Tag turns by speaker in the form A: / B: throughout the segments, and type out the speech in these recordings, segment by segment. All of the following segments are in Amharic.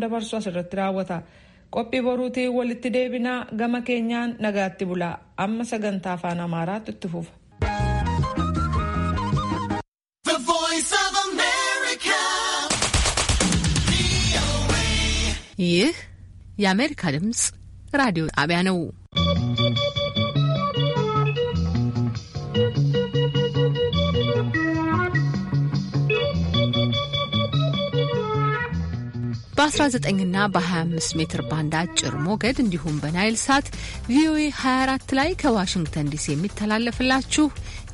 A: dabarsu asirratti raawwata qophii boruutii walitti deebinaa gama keenyaan nagaatti bulaa amma sagantaa afaan amaaraatti itti fufa.
B: ይህ የአሜሪካ ድምፅ ራዲዮ ጣቢያ ነው። በ19ና በ25 ሜትር ባንድ አጭር ሞገድ እንዲሁም በናይል ሳት ቪኦኤ 24 ላይ ከዋሽንግተን ዲሲ የሚተላለፍላችሁ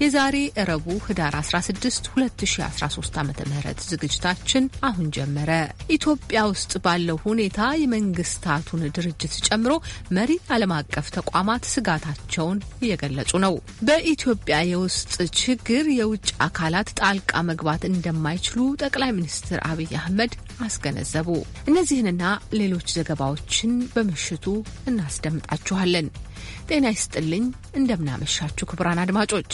B: የዛሬ እረቡ ህዳር 16 2013 ዓ ም ዝግጅታችን አሁን ጀመረ። ኢትዮጵያ ውስጥ ባለው ሁኔታ የመንግስታቱን ድርጅት ጨምሮ መሪ ዓለም አቀፍ ተቋማት ስጋታቸውን እየገለጹ ነው። በኢትዮጵያ የውስጥ ችግር የውጭ አካላት ጣልቃ መግባት እንደማይችሉ ጠቅላይ ሚኒስትር አብይ አህመድ አስገነዘቡ። እነዚህንና ሌሎች ዘገባዎችን በምሽቱ እናስደምጣችኋለን። ጤና ይስጥልኝ። እንደምናመሻችሁ ክቡራን አድማጮች፣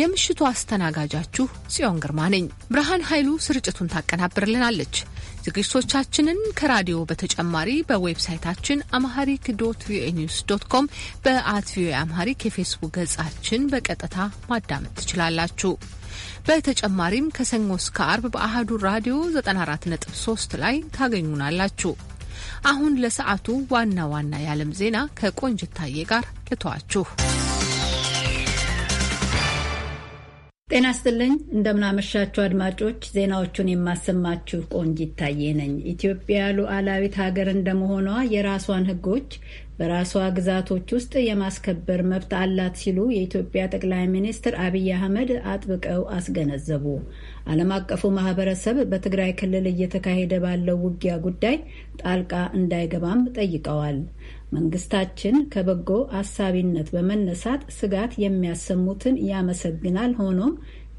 B: የምሽቱ አስተናጋጃችሁ ጽዮን ግርማ ነኝ። ብርሃን ኃይሉ ስርጭቱን ታቀናብርልናለች። ዝግጅቶቻችንን ከራዲዮ በተጨማሪ በዌብሳይታችን አምሃሪክ ዶት ቪኦኤ ኒውስ ዶት ኮም፣ በአት ቪኦኤ አምሃሪክ የፌስቡክ ገጻችን በቀጥታ ማዳመጥ ትችላላችሁ። በተጨማሪም ከሰኞ እስከ አርብ በአህዱ ራዲዮ 94.3 ላይ ታገኙናላችሁ። አሁን ለሰዓቱ ዋና ዋና የዓለም ዜና ከቆንጅታዬ ጋር ልተዋችሁ።
C: ጤና ስትልኝ እንደምናመሻችሁ አድማጮች፣ ዜናዎቹን የማሰማችሁ ቆንጅ ይታየ ነኝ። ኢትዮጵያ ሉዓላዊት ሀገር እንደመሆኗ የራሷን ሕጎች በራሷ ግዛቶች ውስጥ የማስከበር መብት አላት ሲሉ የኢትዮጵያ ጠቅላይ ሚኒስትር አብይ አህመድ አጥብቀው አስገነዘቡ። ዓለም አቀፉ ማህበረሰብ በትግራይ ክልል እየተካሄደ ባለው ውጊያ ጉዳይ ጣልቃ እንዳይገባም ጠይቀዋል። መንግስታችን ከበጎ አሳቢነት በመነሳት ስጋት የሚያሰሙትን ያመሰግናል። ሆኖም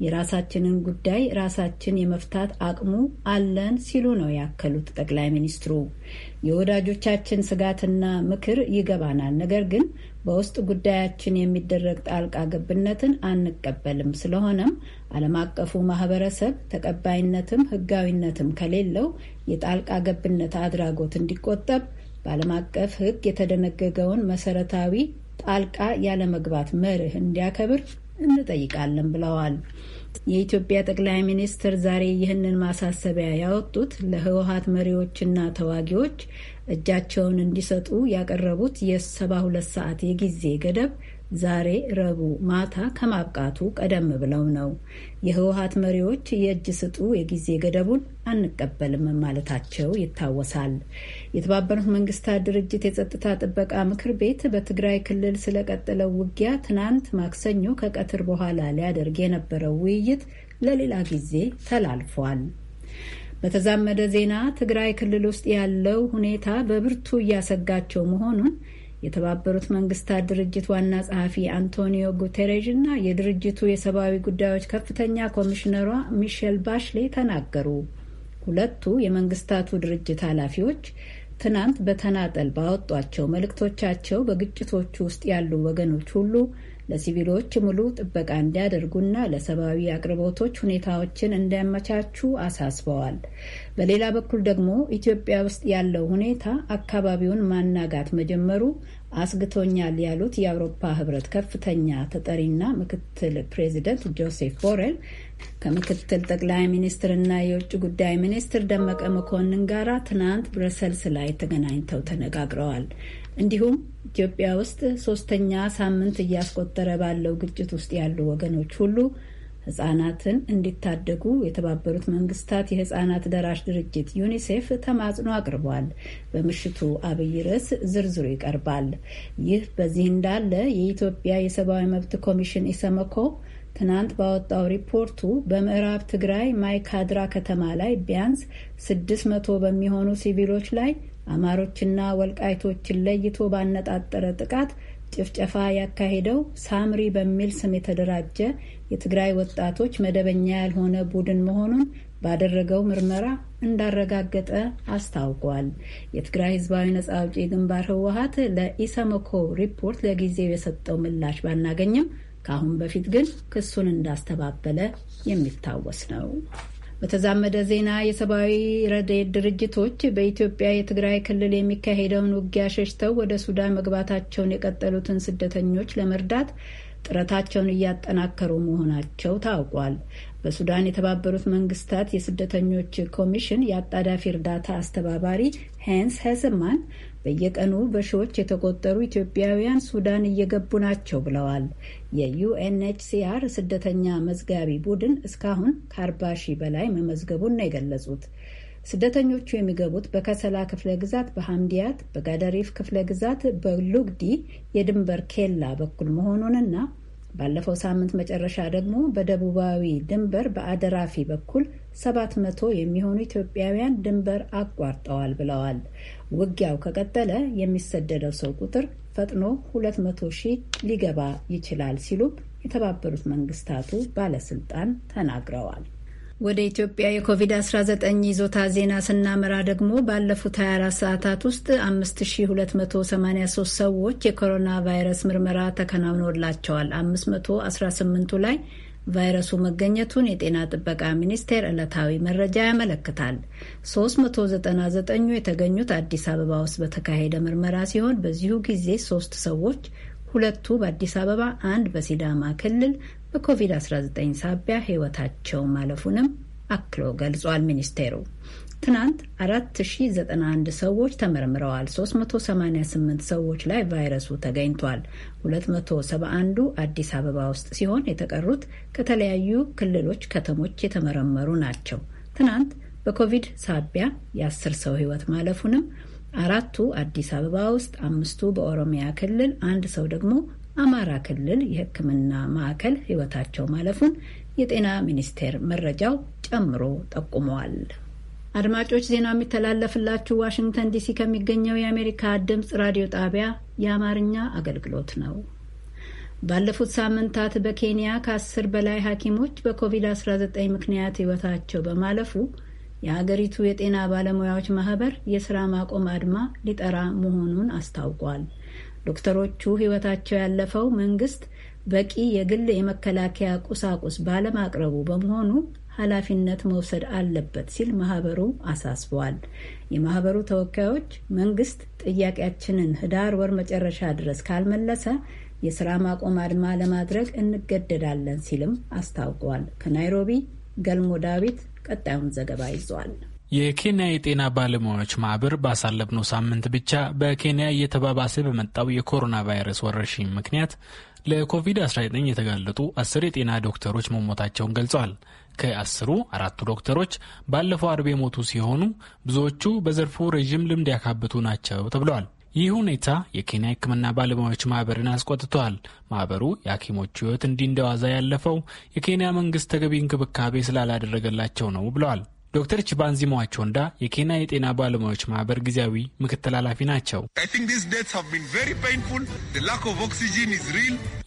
C: የራሳችንን ጉዳይ ራሳችን የመፍታት አቅሙ አለን ሲሉ ነው ያከሉት ጠቅላይ ሚኒስትሩ። የወዳጆቻችን ስጋትና ምክር ይገባናል፣ ነገር ግን በውስጥ ጉዳያችን የሚደረግ ጣልቃ ገብነትን አንቀበልም። ስለሆነም ዓለም አቀፉ ማህበረሰብ ተቀባይነትም ህጋዊነትም ከሌለው የጣልቃ ገብነት አድራጎት እንዲቆጠብ በዓለም አቀፍ ሕግ የተደነገገውን መሰረታዊ ጣልቃ ያለመግባት መርህ እንዲያከብር እንጠይቃለን ብለዋል። የኢትዮጵያ ጠቅላይ ሚኒስትር ዛሬ ይህንን ማሳሰቢያ ያወጡት ለህወሀት መሪዎችና ተዋጊዎች እጃቸውን እንዲሰጡ ያቀረቡት የሰባ ሁለት ሰዓት የጊዜ ገደብ ዛሬ ረቡዕ ማታ ከማብቃቱ ቀደም ብለው ነው የህወሀት መሪዎች የእጅ ስጡ የጊዜ ገደቡን አንቀበልም ማለታቸው ይታወሳል። የተባበሩት መንግስታት ድርጅት የጸጥታ ጥበቃ ምክር ቤት በትግራይ ክልል ስለቀጠለው ውጊያ ትናንት ማክሰኞ ከቀትር በኋላ ሊያደርግ የነበረው ውይይት ለሌላ ጊዜ ተላልፏል። በተዛመደ ዜና ትግራይ ክልል ውስጥ ያለው ሁኔታ በብርቱ እያሰጋቸው መሆኑን የተባበሩት መንግስታት ድርጅት ዋና ጸሐፊ አንቶኒዮ ጉቴሬዥ እና የድርጅቱ የሰብአዊ ጉዳዮች ከፍተኛ ኮሚሽነሯ ሚሼል ባሽሌ ተናገሩ። ሁለቱ የመንግስታቱ ድርጅት ኃላፊዎች ትናንት በተናጠል ባወጧቸው መልእክቶቻቸው በግጭቶቹ ውስጥ ያሉ ወገኖች ሁሉ ለሲቪሎች ሙሉ ጥበቃ እንዲያደርጉና ለሰብአዊ አቅርቦቶች ሁኔታዎችን እንዲያመቻቹ አሳስበዋል። በሌላ በኩል ደግሞ ኢትዮጵያ ውስጥ ያለው ሁኔታ አካባቢውን ማናጋት መጀመሩ አስግቶኛል ያሉት የአውሮፓ ህብረት ከፍተኛ ተጠሪና ምክትል ፕሬዚደንት ጆሴፍ ቦሬል ከምክትል ጠቅላይ ሚኒስትርና የውጭ ጉዳይ ሚኒስትር ደመቀ መኮንን ጋር ትናንት ብረሰልስ ላይ ተገናኝተው ተነጋግረዋል። እንዲሁም ኢትዮጵያ ውስጥ ሶስተኛ ሳምንት እያስቆጠረ ባለው ግጭት ውስጥ ያሉ ወገኖች ሁሉ ህጻናትን እንዲታደጉ የተባበሩት መንግስታት የህጻናት ደራሽ ድርጅት ዩኒሴፍ ተማጽኖ አቅርቧል። በምሽቱ አብይ ርዕስ ዝርዝሩ ይቀርባል። ይህ በዚህ እንዳለ የኢትዮጵያ የሰብአዊ መብት ኮሚሽን ኢሰመኮ ትናንት ባወጣው ሪፖርቱ በምዕራብ ትግራይ ማይካድራ ከተማ ላይ ቢያንስ 600 በሚሆኑ ሲቪሎች ላይ አማሮችና ወልቃይቶችን ለይቶ ባነጣጠረ ጥቃት ጭፍጨፋ ያካሄደው ሳምሪ በሚል ስም የተደራጀ የትግራይ ወጣቶች መደበኛ ያልሆነ ቡድን መሆኑን ባደረገው ምርመራ እንዳረጋገጠ አስታውቋል። የትግራይ ህዝባዊ ነጻ አውጪ ግንባር ህወሀት ለኢሰመኮ ሪፖርት ለጊዜው የሰጠው ምላሽ ባናገኝም ከአሁን በፊት ግን ክሱን እንዳስተባበለ የሚታወስ ነው። በተዛመደ ዜና የሰብአዊ ረድኤት ድርጅቶች በኢትዮጵያ የትግራይ ክልል የሚካሄደውን ውጊያ ሸሽተው ወደ ሱዳን መግባታቸውን የቀጠሉትን ስደተኞች ለመርዳት ጥረታቸውን እያጠናከሩ መሆናቸው ታውቋል። በሱዳን የተባበሩት መንግስታት የስደተኞች ኮሚሽን የአጣዳፊ እርዳታ አስተባባሪ ሄንስ ሄዝማን በየቀኑ በሺዎች የተቆጠሩ ኢትዮጵያውያን ሱዳን እየገቡ ናቸው ብለዋል። የዩኤንኤችሲአር ስደተኛ መዝጋቢ ቡድን እስካሁን ከአርባ ሺህ በላይ መመዝገቡን ነው የገለጹት። ስደተኞቹ የሚገቡት በከሰላ ክፍለ ግዛት በሐምዲያት፣ በጋደሪፍ ክፍለ ግዛት በሉግዲ የድንበር ኬላ በኩል መሆኑንና ባለፈው ሳምንት መጨረሻ ደግሞ በደቡባዊ ድንበር በአደራፊ በኩል 700 የሚሆኑ ኢትዮጵያውያን ድንበር አቋርጠዋል ብለዋል። ውጊያው ከቀጠለ የሚሰደደው ሰው ቁጥር ፈጥኖ 200 ሺህ ሊገባ ይችላል ሲሉ የተባበሩት መንግስታቱ ባለስልጣን ተናግረዋል። ወደ ኢትዮጵያ የኮቪድ-19 ይዞታ ዜና ስናመራ ደግሞ ባለፉት 24 ሰዓታት ውስጥ 5283 ሰዎች የኮሮና ቫይረስ ምርመራ ተከናውኖላቸዋል። 518ቱ ላይ ቫይረሱ መገኘቱን የጤና ጥበቃ ሚኒስቴር ዕለታዊ መረጃ ያመለክታል። 399ኙ የተገኙት አዲስ አበባ ውስጥ በተካሄደ ምርመራ ሲሆን በዚሁ ጊዜ ሶስት ሰዎች ሁለቱ በአዲስ አበባ፣ አንድ በሲዳማ ክልል በኮቪድ-19 ሳቢያ ሕይወታቸው ማለፉንም አክሎ ገልጿል ሚኒስቴሩ። ትናንት 4091 ሰዎች ተመርምረዋል። 388 ሰዎች ላይ ቫይረሱ ተገኝቷል። 271ዱ አዲስ አበባ ውስጥ ሲሆን የተቀሩት ከተለያዩ ክልሎች ከተሞች የተመረመሩ ናቸው። ትናንት በኮቪድ ሳቢያ የአስር ሰው ሕይወት ማለፉንም አራቱ አዲስ አበባ ውስጥ፣ አምስቱ በኦሮሚያ ክልል፣ አንድ ሰው ደግሞ አማራ ክልል የሕክምና ማዕከል ህይወታቸው ማለፉን የጤና ሚኒስቴር መረጃው ጨምሮ ጠቁመዋል። አድማጮች ዜናው የሚተላለፍላችሁ ዋሽንግተን ዲሲ ከሚገኘው የአሜሪካ ድምፅ ራዲዮ ጣቢያ የአማርኛ አገልግሎት ነው። ባለፉት ሳምንታት በኬንያ ከአስር በላይ ሐኪሞች በኮቪድ-19 ምክንያት ህይወታቸው በማለፉ የሀገሪቱ የጤና ባለሙያዎች ማህበር የስራ ማቆም አድማ ሊጠራ መሆኑን አስታውቋል። ዶክተሮቹ ሕይወታቸው ያለፈው መንግስት በቂ የግል የመከላከያ ቁሳቁስ ባለማቅረቡ በመሆኑ ኃላፊነት መውሰድ አለበት ሲል ማህበሩ አሳስቧል። የማህበሩ ተወካዮች መንግስት ጥያቄያችንን ህዳር ወር መጨረሻ ድረስ ካልመለሰ የስራ ማቆም አድማ ለማድረግ እንገደዳለን ሲልም አስታውቋል። ከናይሮቢ ገልሞ ዳዊት ቀጣዩን ዘገባ ይዟል።
D: የኬንያ የጤና ባለሙያዎች ማህበር ባሳለፍነው ሳምንት ብቻ በኬንያ እየተባባሰ በመጣው የኮሮና ቫይረስ ወረርሽኝ ምክንያት ለኮቪድ-19 የተጋለጡ አስር የጤና ዶክተሮች መሞታቸውን ገልጸዋል። ከአስሩ አራቱ ዶክተሮች ባለፈው አርብ የሞቱ ሲሆኑ ብዙዎቹ በዘርፉ ረዥም ልምድ ያካበቱ ናቸው ተብለዋል። ይህ ሁኔታ የኬንያ ሕክምና ባለሙያዎች ማህበርን አስቆጥተዋል። ማህበሩ የሐኪሞቹ ህይወት እንዲህ እንደዋዛ ያለፈው የኬንያ መንግስት ተገቢ እንክብካቤ ስላላደረገላቸው ነው ብለዋል። ዶክተር ቺባንዚ ሟቾ እንዳ የኬንያ የጤና ባለሙያዎች ማህበር ጊዜያዊ ምክትል ኃላፊ ናቸው።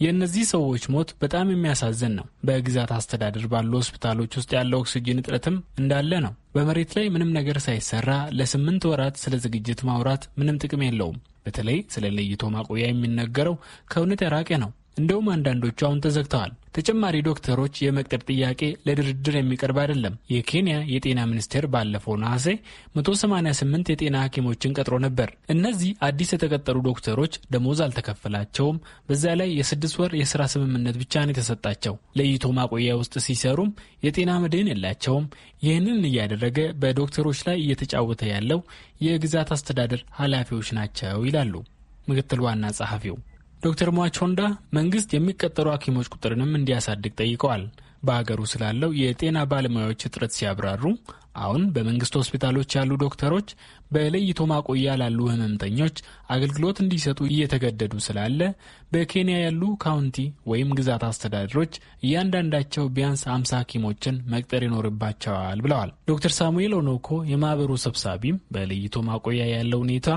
D: የእነዚህ ሰዎች ሞት በጣም የሚያሳዝን ነው። በግዛት አስተዳደር ባሉ ሆስፒታሎች ውስጥ ያለው ኦክስጂን እጥረትም እንዳለ ነው። በመሬት ላይ ምንም ነገር ሳይሰራ ለስምንት ወራት ስለ ዝግጅት ማውራት ምንም ጥቅም የለውም። በተለይ ስለ ለይቶ ማቆያ የሚነገረው ከእውነት የራቀ ነው። እንደውም አንዳንዶቹ አሁን ተዘግተዋል። ተጨማሪ ዶክተሮች የመቅጠር ጥያቄ ለድርድር የሚቀርብ አይደለም። የኬንያ የጤና ሚኒስቴር ባለፈው ነሐሴ 188 የጤና ሐኪሞችን ቀጥሮ ነበር። እነዚህ አዲስ የተቀጠሩ ዶክተሮች ደሞዝ አልተከፈላቸውም። በዛ ላይ የስድስት ወር የስራ ስምምነት ብቻ ነው የተሰጣቸው። ለይቶ ማቆያ ውስጥ ሲሰሩም የጤና መድህን የላቸውም። ይህንን እያደረገ በዶክተሮች ላይ እየተጫወተ ያለው የግዛት አስተዳደር ኃላፊዎች ናቸው ይላሉ ምክትል ዋና ጸሐፊው። ዶክተር ሟቾንዳ መንግስት የሚቀጠሩ ሐኪሞች ቁጥርንም እንዲያሳድግ ጠይቀዋል። በሀገሩ ስላለው የጤና ባለሙያዎች እጥረት ሲያብራሩ አሁን በመንግስት ሆስፒታሎች ያሉ ዶክተሮች በለይቶ ማቆያ ላሉ ህመምተኞች አገልግሎት እንዲሰጡ እየተገደዱ ስላለ በኬንያ ያሉ ካውንቲ ወይም ግዛት አስተዳደሮች እያንዳንዳቸው ቢያንስ አምሳ ሐኪሞችን መቅጠር ይኖርባቸዋል ብለዋል። ዶክተር ሳሙኤል ኦኖኮ የማህበሩ ሰብሳቢም በለይቶ ማቆያ ያለው ሁኔታ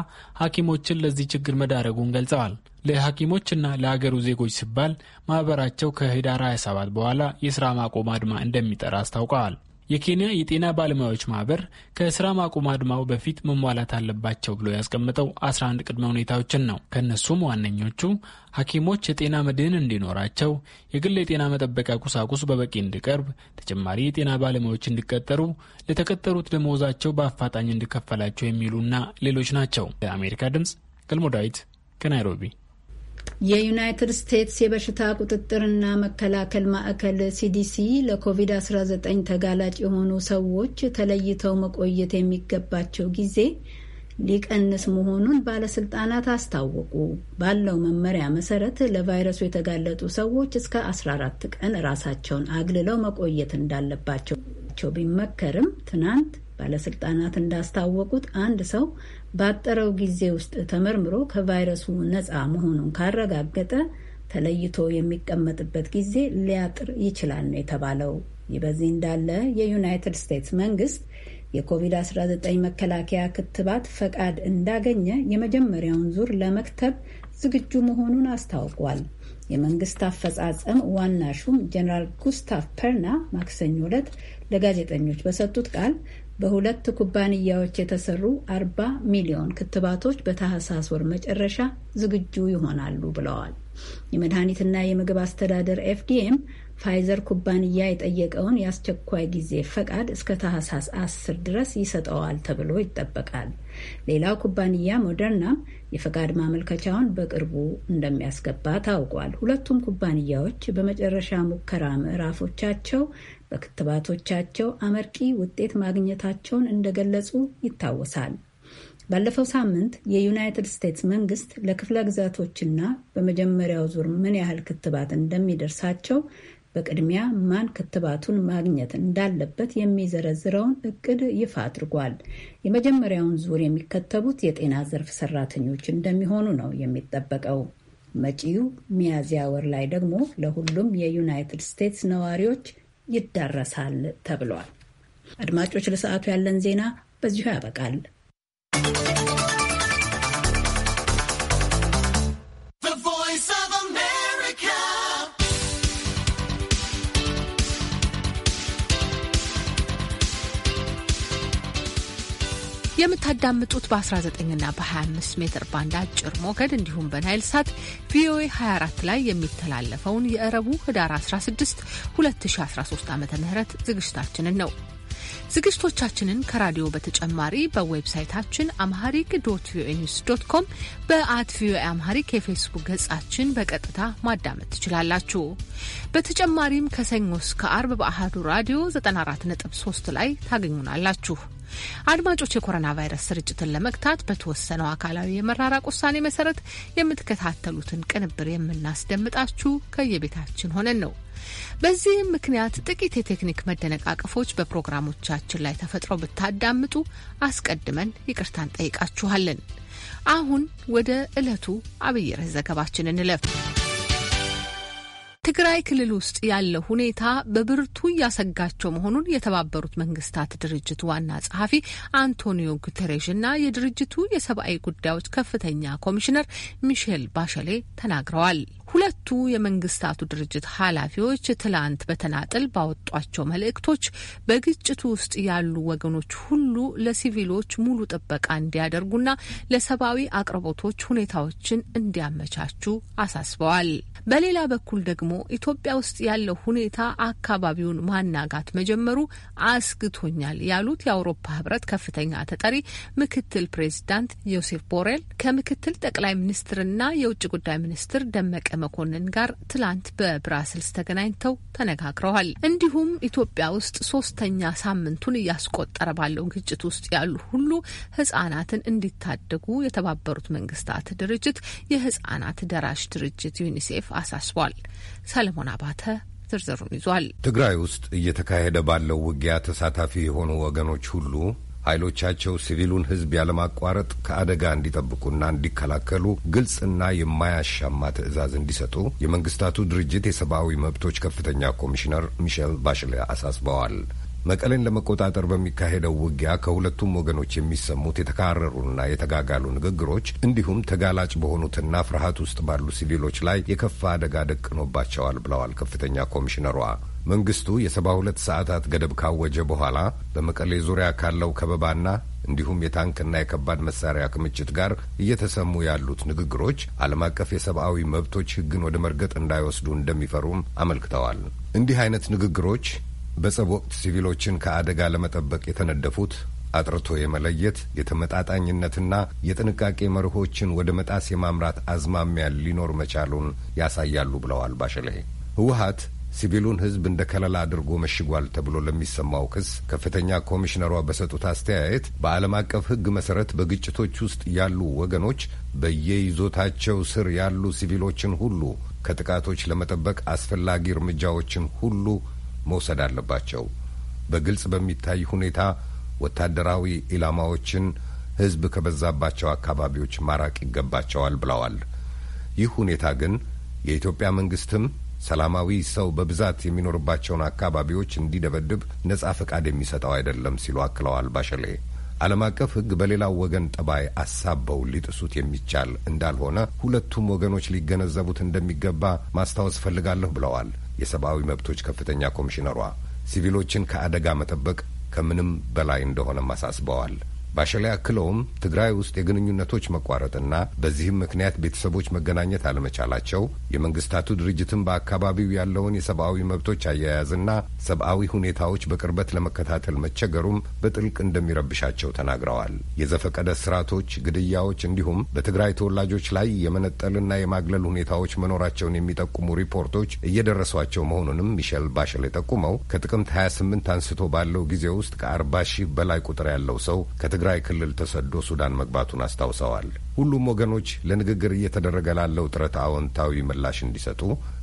D: ሐኪሞችን ለዚህ ችግር መዳረጉን ገልጸዋል። ለሐኪሞችና ለሀገሩ ዜጎች ሲባል ማህበራቸው ከህዳር 27 በኋላ የስራ ማቆም አድማ እንደሚጠራ አስታውቀዋል። የኬንያ የጤና ባለሙያዎች ማህበር ከስራ ማቆም አድማው በፊት መሟላት አለባቸው ብሎ ያስቀምጠው 11 ቅድመ ሁኔታዎችን ነው። ከእነሱም ዋነኞቹ ሐኪሞች የጤና መድህን እንዲኖራቸው፣ የግል የጤና መጠበቂያ ቁሳቁስ በበቂ እንዲቀርብ፣ ተጨማሪ የጤና ባለሙያዎች እንዲቀጠሩ፣ ለተቀጠሩት ደመወዛቸው በአፋጣኝ እንዲከፈላቸው የሚሉና ሌሎች ናቸው። ለአሜሪካ ድምጽ ገልሞ ዳዊት ከናይሮቢ
C: የዩናይትድ ስቴትስ የበሽታ ቁጥጥርና መከላከል ማዕከል ሲዲሲ ለኮቪድ-19 ተጋላጭ የሆኑ ሰዎች ተለይተው መቆየት የሚገባቸው ጊዜ ሊቀንስ መሆኑን ባለስልጣናት አስታወቁ። ባለው መመሪያ መሰረት ለቫይረሱ የተጋለጡ ሰዎች እስከ 14 ቀን ራሳቸውን አግልለው መቆየት እንዳለባቸው ቢመከርም ትናንት ባለስልጣናት እንዳስታወቁት አንድ ሰው ባጠረው ጊዜ ውስጥ ተመርምሮ ከቫይረሱ ነፃ መሆኑን ካረጋገጠ ተለይቶ የሚቀመጥበት ጊዜ ሊያጥር ይችላል ነው የተባለው። ይህ በዚህ እንዳለ የዩናይትድ ስቴትስ መንግስት የኮቪድ-19 መከላከያ ክትባት ፈቃድ እንዳገኘ የመጀመሪያውን ዙር ለመክተብ ዝግጁ መሆኑን አስታውቋል። የመንግስት አፈጻጸም ዋና ሹም ጀኔራል ጉስታፍ ፐርና ማክሰኞ ዕለት ለጋዜጠኞች በሰጡት ቃል በሁለት ኩባንያዎች የተሰሩ 40 ሚሊዮን ክትባቶች በታህሳስ ወር መጨረሻ ዝግጁ ይሆናሉ ብለዋል። የመድኃኒትና የምግብ አስተዳደር ኤፍዲኤም ፋይዘር ኩባንያ የጠየቀውን የአስቸኳይ ጊዜ ፈቃድ እስከ ታህሳስ አስር ድረስ ይሰጠዋል ተብሎ ይጠበቃል። ሌላው ኩባንያ ሞደርናም የፈቃድ ማመልከቻውን በቅርቡ እንደሚያስገባ ታውቋል። ሁለቱም ኩባንያዎች በመጨረሻ ሙከራ ምዕራፎቻቸው በክትባቶቻቸው አመርቂ ውጤት ማግኘታቸውን እንደገለጹ ይታወሳል። ባለፈው ሳምንት የዩናይትድ ስቴትስ መንግስት ለክፍለ ግዛቶችና በመጀመሪያው ዙር ምን ያህል ክትባት እንደሚደርሳቸው በቅድሚያ ማን ክትባቱን ማግኘት እንዳለበት የሚዘረዝረውን እቅድ ይፋ አድርጓል። የመጀመሪያውን ዙር የሚከተቡት የጤና ዘርፍ ሰራተኞች እንደሚሆኑ ነው የሚጠበቀው። መጪው ሚያዝያ ወር ላይ ደግሞ ለሁሉም የዩናይትድ ስቴትስ ነዋሪዎች ይዳረሳል ተብሏል። አድማጮች፣ ለሰዓቱ ያለን ዜና በዚሁ ያበቃል።
B: የምታዳምጡት በ19ና በ25 ሜትር ባንድ አጭር ሞገድ እንዲሁም በናይል ሳት ቪኦኤ 24 ላይ የሚተላለፈውን የእረቡ ህዳር 16 2013 ዓ ም ዝግጅታችንን ነው። ዝግጅቶቻችንን ከራዲዮ በተጨማሪ በዌብሳይታችን አምሃሪክ ዶት ቪኦኤ ኒውስ ዶት ኮም በአት ቪኦኤ አምሃሪክ የፌስቡክ ገጻችን በቀጥታ ማዳመጥ ትችላላችሁ። በተጨማሪም ከሰኞ እስከ አርብ በአህዱ ራዲዮ 94.3 ላይ ታገኙናላችሁ። አድማጮች የኮሮና ቫይረስ ስርጭትን ለመግታት በተወሰነው አካላዊ የመራራቅ ውሳኔ መሰረት የምትከታተሉትን ቅንብር የምናስደምጣችሁ ከየቤታችን ሆነን ነው። በዚህም ምክንያት ጥቂት የቴክኒክ መደነቃቀፎች በፕሮግራሞቻችን ላይ ተፈጥረው ብታዳምጡ አስቀድመን ይቅርታ ጠይቃችኋለን። አሁን ወደ ዕለቱ አብይ ርዕስ ዘገባችን እንለፍ። ትግራይ ክልል ውስጥ ያለው ሁኔታ በብርቱ እያሰጋቸው መሆኑን የተባበሩት መንግስታት ድርጅት ዋና ጸሐፊ አንቶኒዮ ጉተሬዥ እና የድርጅቱ የሰብአዊ ጉዳዮች ከፍተኛ ኮሚሽነር ሚሼል ባሸሌ ተናግረዋል። ሁለቱ የመንግስታቱ ድርጅት ኃላፊዎች ትላንት በተናጥል ባወጧቸው መልእክቶች በግጭቱ ውስጥ ያሉ ወገኖች ሁሉ ለሲቪሎች ሙሉ ጥበቃ እንዲያደርጉና ለሰብአዊ አቅርቦቶች ሁኔታዎችን እንዲያመቻቹ አሳስበዋል። በሌላ በኩል ደግሞ ኢትዮጵያ ውስጥ ያለው ሁኔታ አካባቢውን ማናጋት መጀመሩ አስግቶኛል ያሉት የአውሮፓ ህብረት ከፍተኛ ተጠሪ ምክትል ፕሬዚዳንት ዮሴፍ ቦሬል ከምክትል ጠቅላይ ሚኒስትርና የውጭ ጉዳይ ሚኒስትር ደመቀ መኮንን ጋር ትላንት በብራስልስ ተገናኝተው ተነጋግረዋል። እንዲሁም ኢትዮጵያ ውስጥ ሶስተኛ ሳምንቱን እያስቆጠረ ባለው ግጭት ውስጥ ያሉ ሁሉ ህጻናትን እንዲታደጉ የተባበሩት መንግስታት ድርጅት የህጻናት ደራሽ ድርጅት ዩኒሴፍ አሳስቧል። ሰለሞን አባተ ዝርዝሩን ይዟል።
E: ትግራይ ውስጥ እየተካሄደ ባለው ውጊያ ተሳታፊ የሆኑ ወገኖች ሁሉ ኃይሎቻቸው ሲቪሉን ሕዝብ ያለማቋረጥ ከአደጋ እንዲጠብቁና እንዲከላከሉ ግልጽና የማያሻማ ትዕዛዝ እንዲሰጡ የመንግስታቱ ድርጅት የሰብአዊ መብቶች ከፍተኛ ኮሚሽነር ሚሼል ባሽሌ አሳስበዋል። መቀሌን ለመቆጣጠር በሚካሄደው ውጊያ ከሁለቱም ወገኖች የሚሰሙት የተካረሩና የተጋጋሉ ንግግሮች እንዲሁም ተጋላጭ በሆኑትና ፍርሃት ውስጥ ባሉ ሲቪሎች ላይ የከፋ አደጋ ደቅኖባቸዋል ብለዋል ከፍተኛ ኮሚሽነሯ። መንግስቱ የሰባ ሁለት ሰዓታት ገደብ ካወጀ በኋላ በመቀሌ ዙሪያ ካለው ከበባና እንዲሁም የታንክና የከባድ መሳሪያ ክምችት ጋር እየተሰሙ ያሉት ንግግሮች ዓለም አቀፍ የሰብአዊ መብቶች ሕግን ወደ መርገጥ እንዳይወስዱ እንደሚፈሩም አመልክተዋል። እንዲህ አይነት ንግግሮች በጸብ ወቅት ሲቪሎችን ከአደጋ ለመጠበቅ የተነደፉት አጥርቶ የመለየት የተመጣጣኝነትና የጥንቃቄ መርሆችን ወደ መጣስ የማምራት አዝማሚያ ሊኖር መቻሉን ያሳያሉ ብለዋል ባሸላይ ህወሀት ሲቪሉን ሕዝብ እንደ ከለላ አድርጎ መሽጓል ተብሎ ለሚሰማው ክስ ከፍተኛ ኮሚሽነሯ በሰጡት አስተያየት በዓለም አቀፍ ሕግ መሰረት በግጭቶች ውስጥ ያሉ ወገኖች በየይዞታቸው ስር ያሉ ሲቪሎችን ሁሉ ከጥቃቶች ለመጠበቅ አስፈላጊ እርምጃዎችን ሁሉ መውሰድ አለባቸው። በግልጽ በሚታይ ሁኔታ ወታደራዊ ኢላማዎችን ህዝብ ከበዛባቸው አካባቢዎች ማራቅ ይገባቸዋል ብለዋል። ይህ ሁኔታ ግን የኢትዮጵያ መንግስትም ሰላማዊ ሰው በብዛት የሚኖርባቸውን አካባቢዎች እንዲደበድብ ነጻ ፈቃድ የሚሰጠው አይደለም ሲሉ አክለዋል ባሸሌ። ዓለም አቀፍ ሕግ በሌላው ወገን ጠባይ አሳበው ሊጥሱት የሚቻል እንዳልሆነ ሁለቱም ወገኖች ሊገነዘቡት እንደሚገባ ማስታወስ ፈልጋለሁ ብለዋል የሰብአዊ መብቶች ከፍተኛ ኮሚሽነሯ። ሲቪሎችን ከአደጋ መጠበቅ ከምንም በላይ እንደሆነም አሳስበዋል። ባሸሌ አክለውም ትግራይ ውስጥ የግንኙነቶች መቋረጥና በዚህም ምክንያት ቤተሰቦች መገናኘት አለመቻላቸው የመንግስታቱ ድርጅትም በአካባቢው ያለውን የሰብአዊ መብቶች አያያዝና ሰብአዊ ሁኔታዎች በቅርበት ለመከታተል መቸገሩም በጥልቅ እንደሚረብሻቸው ተናግረዋል። የዘፈቀደ ስርዓቶች፣ ግድያዎች እንዲሁም በትግራይ ተወላጆች ላይ የመነጠልና የማግለል ሁኔታዎች መኖራቸውን የሚጠቁሙ ሪፖርቶች እየደረሷቸው መሆኑንም ሚሸል ባሸሌ ጠቁመው ከጥቅምት 28 አንስቶ ባለው ጊዜ ውስጥ ከ40 ሺህ በላይ ቁጥር ያለው ሰው ትግራይ ክልል ተሰዶ ሱዳን መግባቱን አስታውሰዋል። ሁሉም ወገኖች ለንግግር እየተደረገ ላለው ጥረት አዎንታዊ ምላሽ እንዲሰጡ፣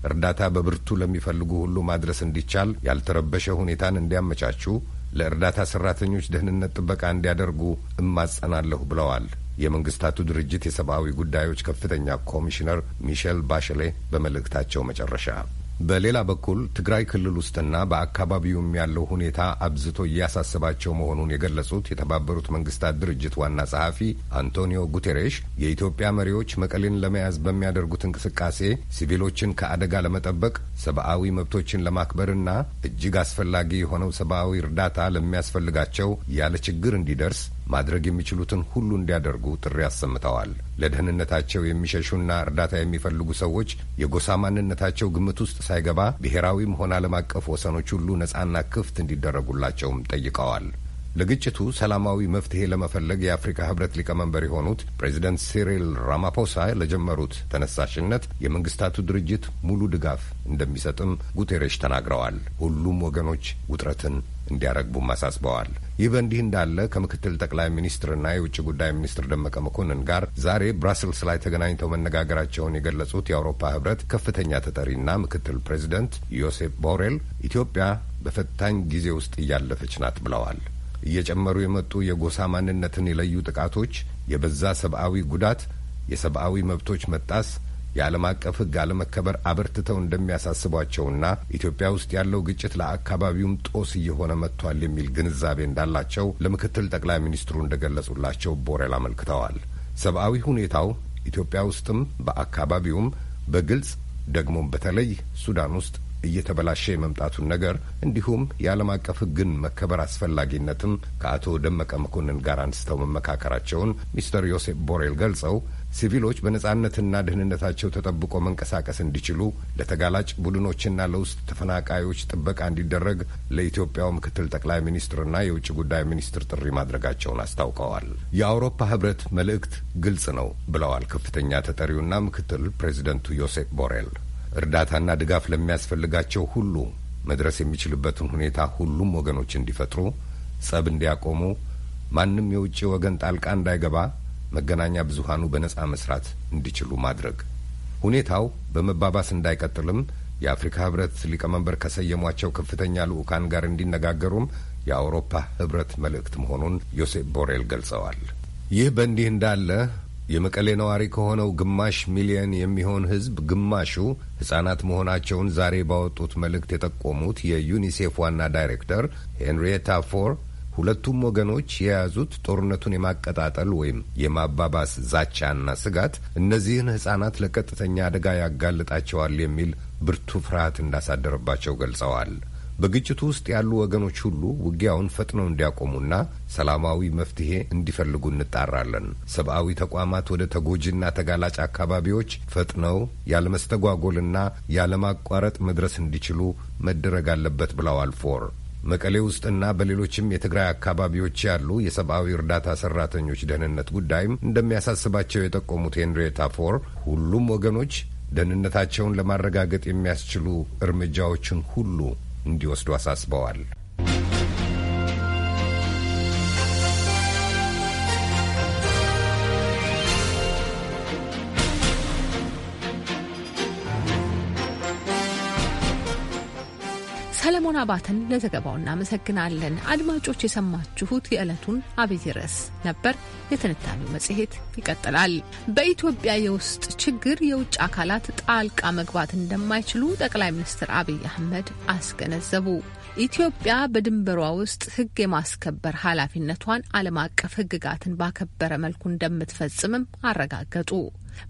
E: እርዳታ በብርቱ ለሚፈልጉ ሁሉ ማድረስ እንዲቻል ያልተረበሸ ሁኔታን እንዲያመቻቹ፣ ለእርዳታ ሰራተኞች ደህንነት ጥበቃ እንዲያደርጉ እማጸናለሁ ብለዋል። የመንግስታቱ ድርጅት የሰብአዊ ጉዳዮች ከፍተኛ ኮሚሽነር ሚሼል ባሸሌ በመልእክታቸው መጨረሻ በሌላ በኩል ትግራይ ክልል ውስጥና በአካባቢውም ያለው ሁኔታ አብዝቶ እያሳሰባቸው መሆኑን የገለጹት የተባበሩት መንግስታት ድርጅት ዋና ጸሐፊ አንቶኒዮ ጉቴሬሽ የኢትዮጵያ መሪዎች መቀሌን ለመያዝ በሚያደርጉት እንቅስቃሴ ሲቪሎችን ከአደጋ ለመጠበቅ ሰብአዊ መብቶችን ለማክበርና እጅግ አስፈላጊ የሆነው ሰብአዊ እርዳታ ለሚያስፈልጋቸው ያለ ችግር እንዲደርስ ማድረግ የሚችሉትን ሁሉ እንዲያደርጉ ጥሪ አሰምተዋል። ለደህንነታቸው የሚሸሹና እርዳታ የሚፈልጉ ሰዎች የጎሳ ማንነታቸው ግምት ውስጥ ሳይገባ ብሔራዊም ሆነ ዓለም አቀፍ ወሰኖች ሁሉ ነጻና ክፍት እንዲደረጉላቸውም ጠይቀዋል። ለግጭቱ ሰላማዊ መፍትሄ ለመፈለግ የአፍሪካ ህብረት ሊቀመንበር የሆኑት ፕሬዚደንት ሲሪል ራማፖሳ ለጀመሩት ተነሳሽነት የመንግስታቱ ድርጅት ሙሉ ድጋፍ እንደሚሰጥም ጉቴሬሽ ተናግረዋል። ሁሉም ወገኖች ውጥረትን እንዲያረግቡም አሳስበዋል። ይህ በእንዲህ እንዳለ ከምክትል ጠቅላይ ሚኒስትርና የውጭ ጉዳይ ሚኒስትር ደመቀ መኮንን ጋር ዛሬ ብራስልስ ላይ ተገናኝተው መነጋገራቸውን የገለጹት የአውሮፓ ህብረት ከፍተኛ ተጠሪና ምክትል ፕሬዚደንት ዮሴፍ ቦሬል ኢትዮጵያ በፈታኝ ጊዜ ውስጥ እያለፈች ናት ብለዋል። እየጨመሩ የመጡ የጎሳ ማንነትን የለዩ ጥቃቶች፣ የበዛ ሰብአዊ ጉዳት፣ የሰብአዊ መብቶች መጣስ የዓለም አቀፍ ሕግ አለመከበር አበርትተው እንደሚያሳስቧቸውና ኢትዮጵያ ውስጥ ያለው ግጭት ለአካባቢውም ጦስ እየሆነ መጥቷል የሚል ግንዛቤ እንዳላቸው ለምክትል ጠቅላይ ሚኒስትሩ እንደገለጹላቸው ቦሬል አመልክተዋል። ሰብአዊ ሁኔታው ኢትዮጵያ ውስጥም በአካባቢውም በግልጽ ደግሞም በተለይ ሱዳን ውስጥ እየተበላሸ የመምጣቱን ነገር እንዲሁም የዓለም አቀፍ ሕግን መከበር አስፈላጊነትም ከአቶ ደመቀ መኮንን ጋር አንስተው መመካከራቸውን ሚስተር ዮሴፍ ቦሬል ገልጸው ሲቪሎች በነጻነትና ደህንነታቸው ተጠብቆ መንቀሳቀስ እንዲችሉ ለተጋላጭ ቡድኖችና ለውስጥ ተፈናቃዮች ጥበቃ እንዲደረግ ለኢትዮጵያው ምክትል ጠቅላይ ሚኒስትርና የውጭ ጉዳይ ሚኒስትር ጥሪ ማድረጋቸውን አስታውቀዋል። የአውሮፓ ህብረት መልእክት ግልጽ ነው ብለዋል ከፍተኛ ተጠሪውና ምክትል ፕሬዚደንቱ ዮሴፕ ቦሬል። እርዳታና ድጋፍ ለሚያስፈልጋቸው ሁሉ መድረስ የሚችልበትን ሁኔታ ሁሉም ወገኖች እንዲፈጥሩ፣ ጸብ እንዲያቆሙ፣ ማንም የውጭ ወገን ጣልቃ እንዳይገባ መገናኛ ብዙሃኑ በነጻ መስራት እንዲችሉ ማድረግ። ሁኔታው በመባባስ እንዳይቀጥልም የአፍሪካ ህብረት ሊቀመንበር ከሰየሟቸው ከፍተኛ ልዑካን ጋር እንዲነጋገሩም የአውሮፓ ህብረት መልእክት መሆኑን ዮሴፕ ቦሬል ገልጸዋል። ይህ በእንዲህ እንዳለ የመቀሌ ነዋሪ ከሆነው ግማሽ ሚሊየን የሚሆን ህዝብ ግማሹ ህጻናት መሆናቸውን ዛሬ ባወጡት መልእክት የጠቆሙት የዩኒሴፍ ዋና ዳይሬክተር ሄንሪየታ ፎር ሁለቱም ወገኖች የያዙት ጦርነቱን የማቀጣጠል ወይም የማባባስ ዛቻና ስጋት እነዚህን ሕጻናት ለቀጥተኛ አደጋ ያጋልጣቸዋል የሚል ብርቱ ፍርሃት እንዳሳደረባቸው ገልጸዋል። በግጭቱ ውስጥ ያሉ ወገኖች ሁሉ ውጊያውን ፈጥነው እንዲያቆሙና ሰላማዊ መፍትሄ እንዲፈልጉ እንጣራለን። ሰብአዊ ተቋማት ወደ ተጎጂና ተጋላጭ አካባቢዎች ፈጥነው ያለመስተጓጎልና ያለማቋረጥ መድረስ እንዲችሉ መደረግ አለበት ብለዋል ፎር መቀሌ ውስጥና በሌሎችም የትግራይ አካባቢዎች ያሉ የሰብአዊ እርዳታ ሰራተኞች ደህንነት ጉዳይም እንደሚያሳስባቸው የጠቆሙት ሄንሪታ ፎር ሁሉም ወገኖች ደህንነታቸውን ለማረጋገጥ የሚያስችሉ እርምጃዎችን ሁሉ እንዲወስዱ አሳስበዋል።
B: ሰለሞን አባተን ለዘገባው እናመሰግናለን። አድማጮች የሰማችሁት የዕለቱን አብይ ርዕስ ነበር። የትንታኔው መጽሔት ይቀጥላል። በኢትዮጵያ የውስጥ ችግር የውጭ አካላት ጣልቃ መግባት እንደማይችሉ ጠቅላይ ሚኒስትር አብይ አህመድ አስገነዘቡ። ኢትዮጵያ በድንበሯ ውስጥ ሕግ የማስከበር ኃላፊነቷን ዓለም አቀፍ ሕግጋትን ባከበረ መልኩ እንደምትፈጽምም አረጋገጡ።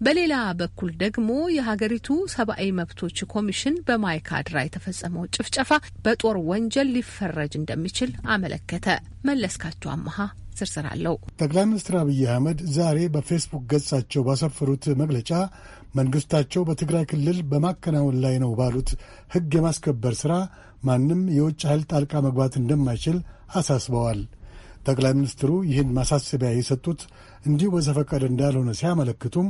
B: በሌላ በኩል ደግሞ የሀገሪቱ ሰብአዊ መብቶች ኮሚሽን በማይካድራ የተፈጸመው ጭፍጨፋ በጦር ወንጀል ሊፈረጅ እንደሚችል አመለከተ። መለስካቸው አመሀ ዝርዝር አለው።
F: ጠቅላይ ሚኒስትር አብይ አህመድ ዛሬ በፌስቡክ ገጻቸው ባሰፈሩት መግለጫ መንግስታቸው በትግራይ ክልል በማከናወን ላይ ነው ባሉት ህግ የማስከበር ስራ ማንም የውጭ ኃይል ጣልቃ መግባት እንደማይችል አሳስበዋል። ጠቅላይ ሚኒስትሩ ይህን ማሳሰቢያ የሰጡት እንዲሁ በዘፈቀደ እንዳልሆነ ሲያመለክቱም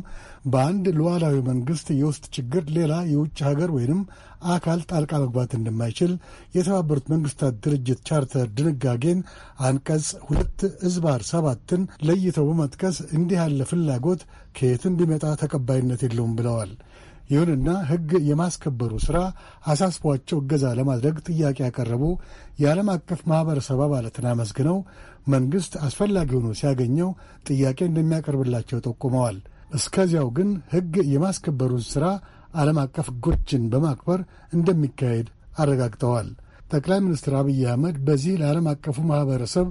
F: በአንድ ሉዓላዊ መንግስት የውስጥ ችግር ሌላ የውጭ ሀገር ወይንም አካል ጣልቃ መግባት እንደማይችል የተባበሩት መንግስታት ድርጅት ቻርተር ድንጋጌን አንቀጽ ሁለት እዝባር ሰባትን ለይተው በመጥቀስ እንዲህ ያለ ፍላጎት ከየትም ቢመጣ ተቀባይነት የለውም ብለዋል። ይሁንና ሕግ የማስከበሩ ሥራ አሳስቧቸው እገዛ ለማድረግ ጥያቄ ያቀረቡ የዓለም አቀፍ ማኅበረሰብ አባላትን አመስግነው መንግሥት አስፈላጊ ሆኖ ሲያገኘው ጥያቄ እንደሚያቀርብላቸው ጠቁመዋል። እስከዚያው ግን ሕግ የማስከበሩን ሥራ ዓለም አቀፍ ሕጎችን በማክበር እንደሚካሄድ አረጋግጠዋል። ጠቅላይ ሚኒስትር አብይ አህመድ በዚህ ለዓለም አቀፉ ማኅበረሰብ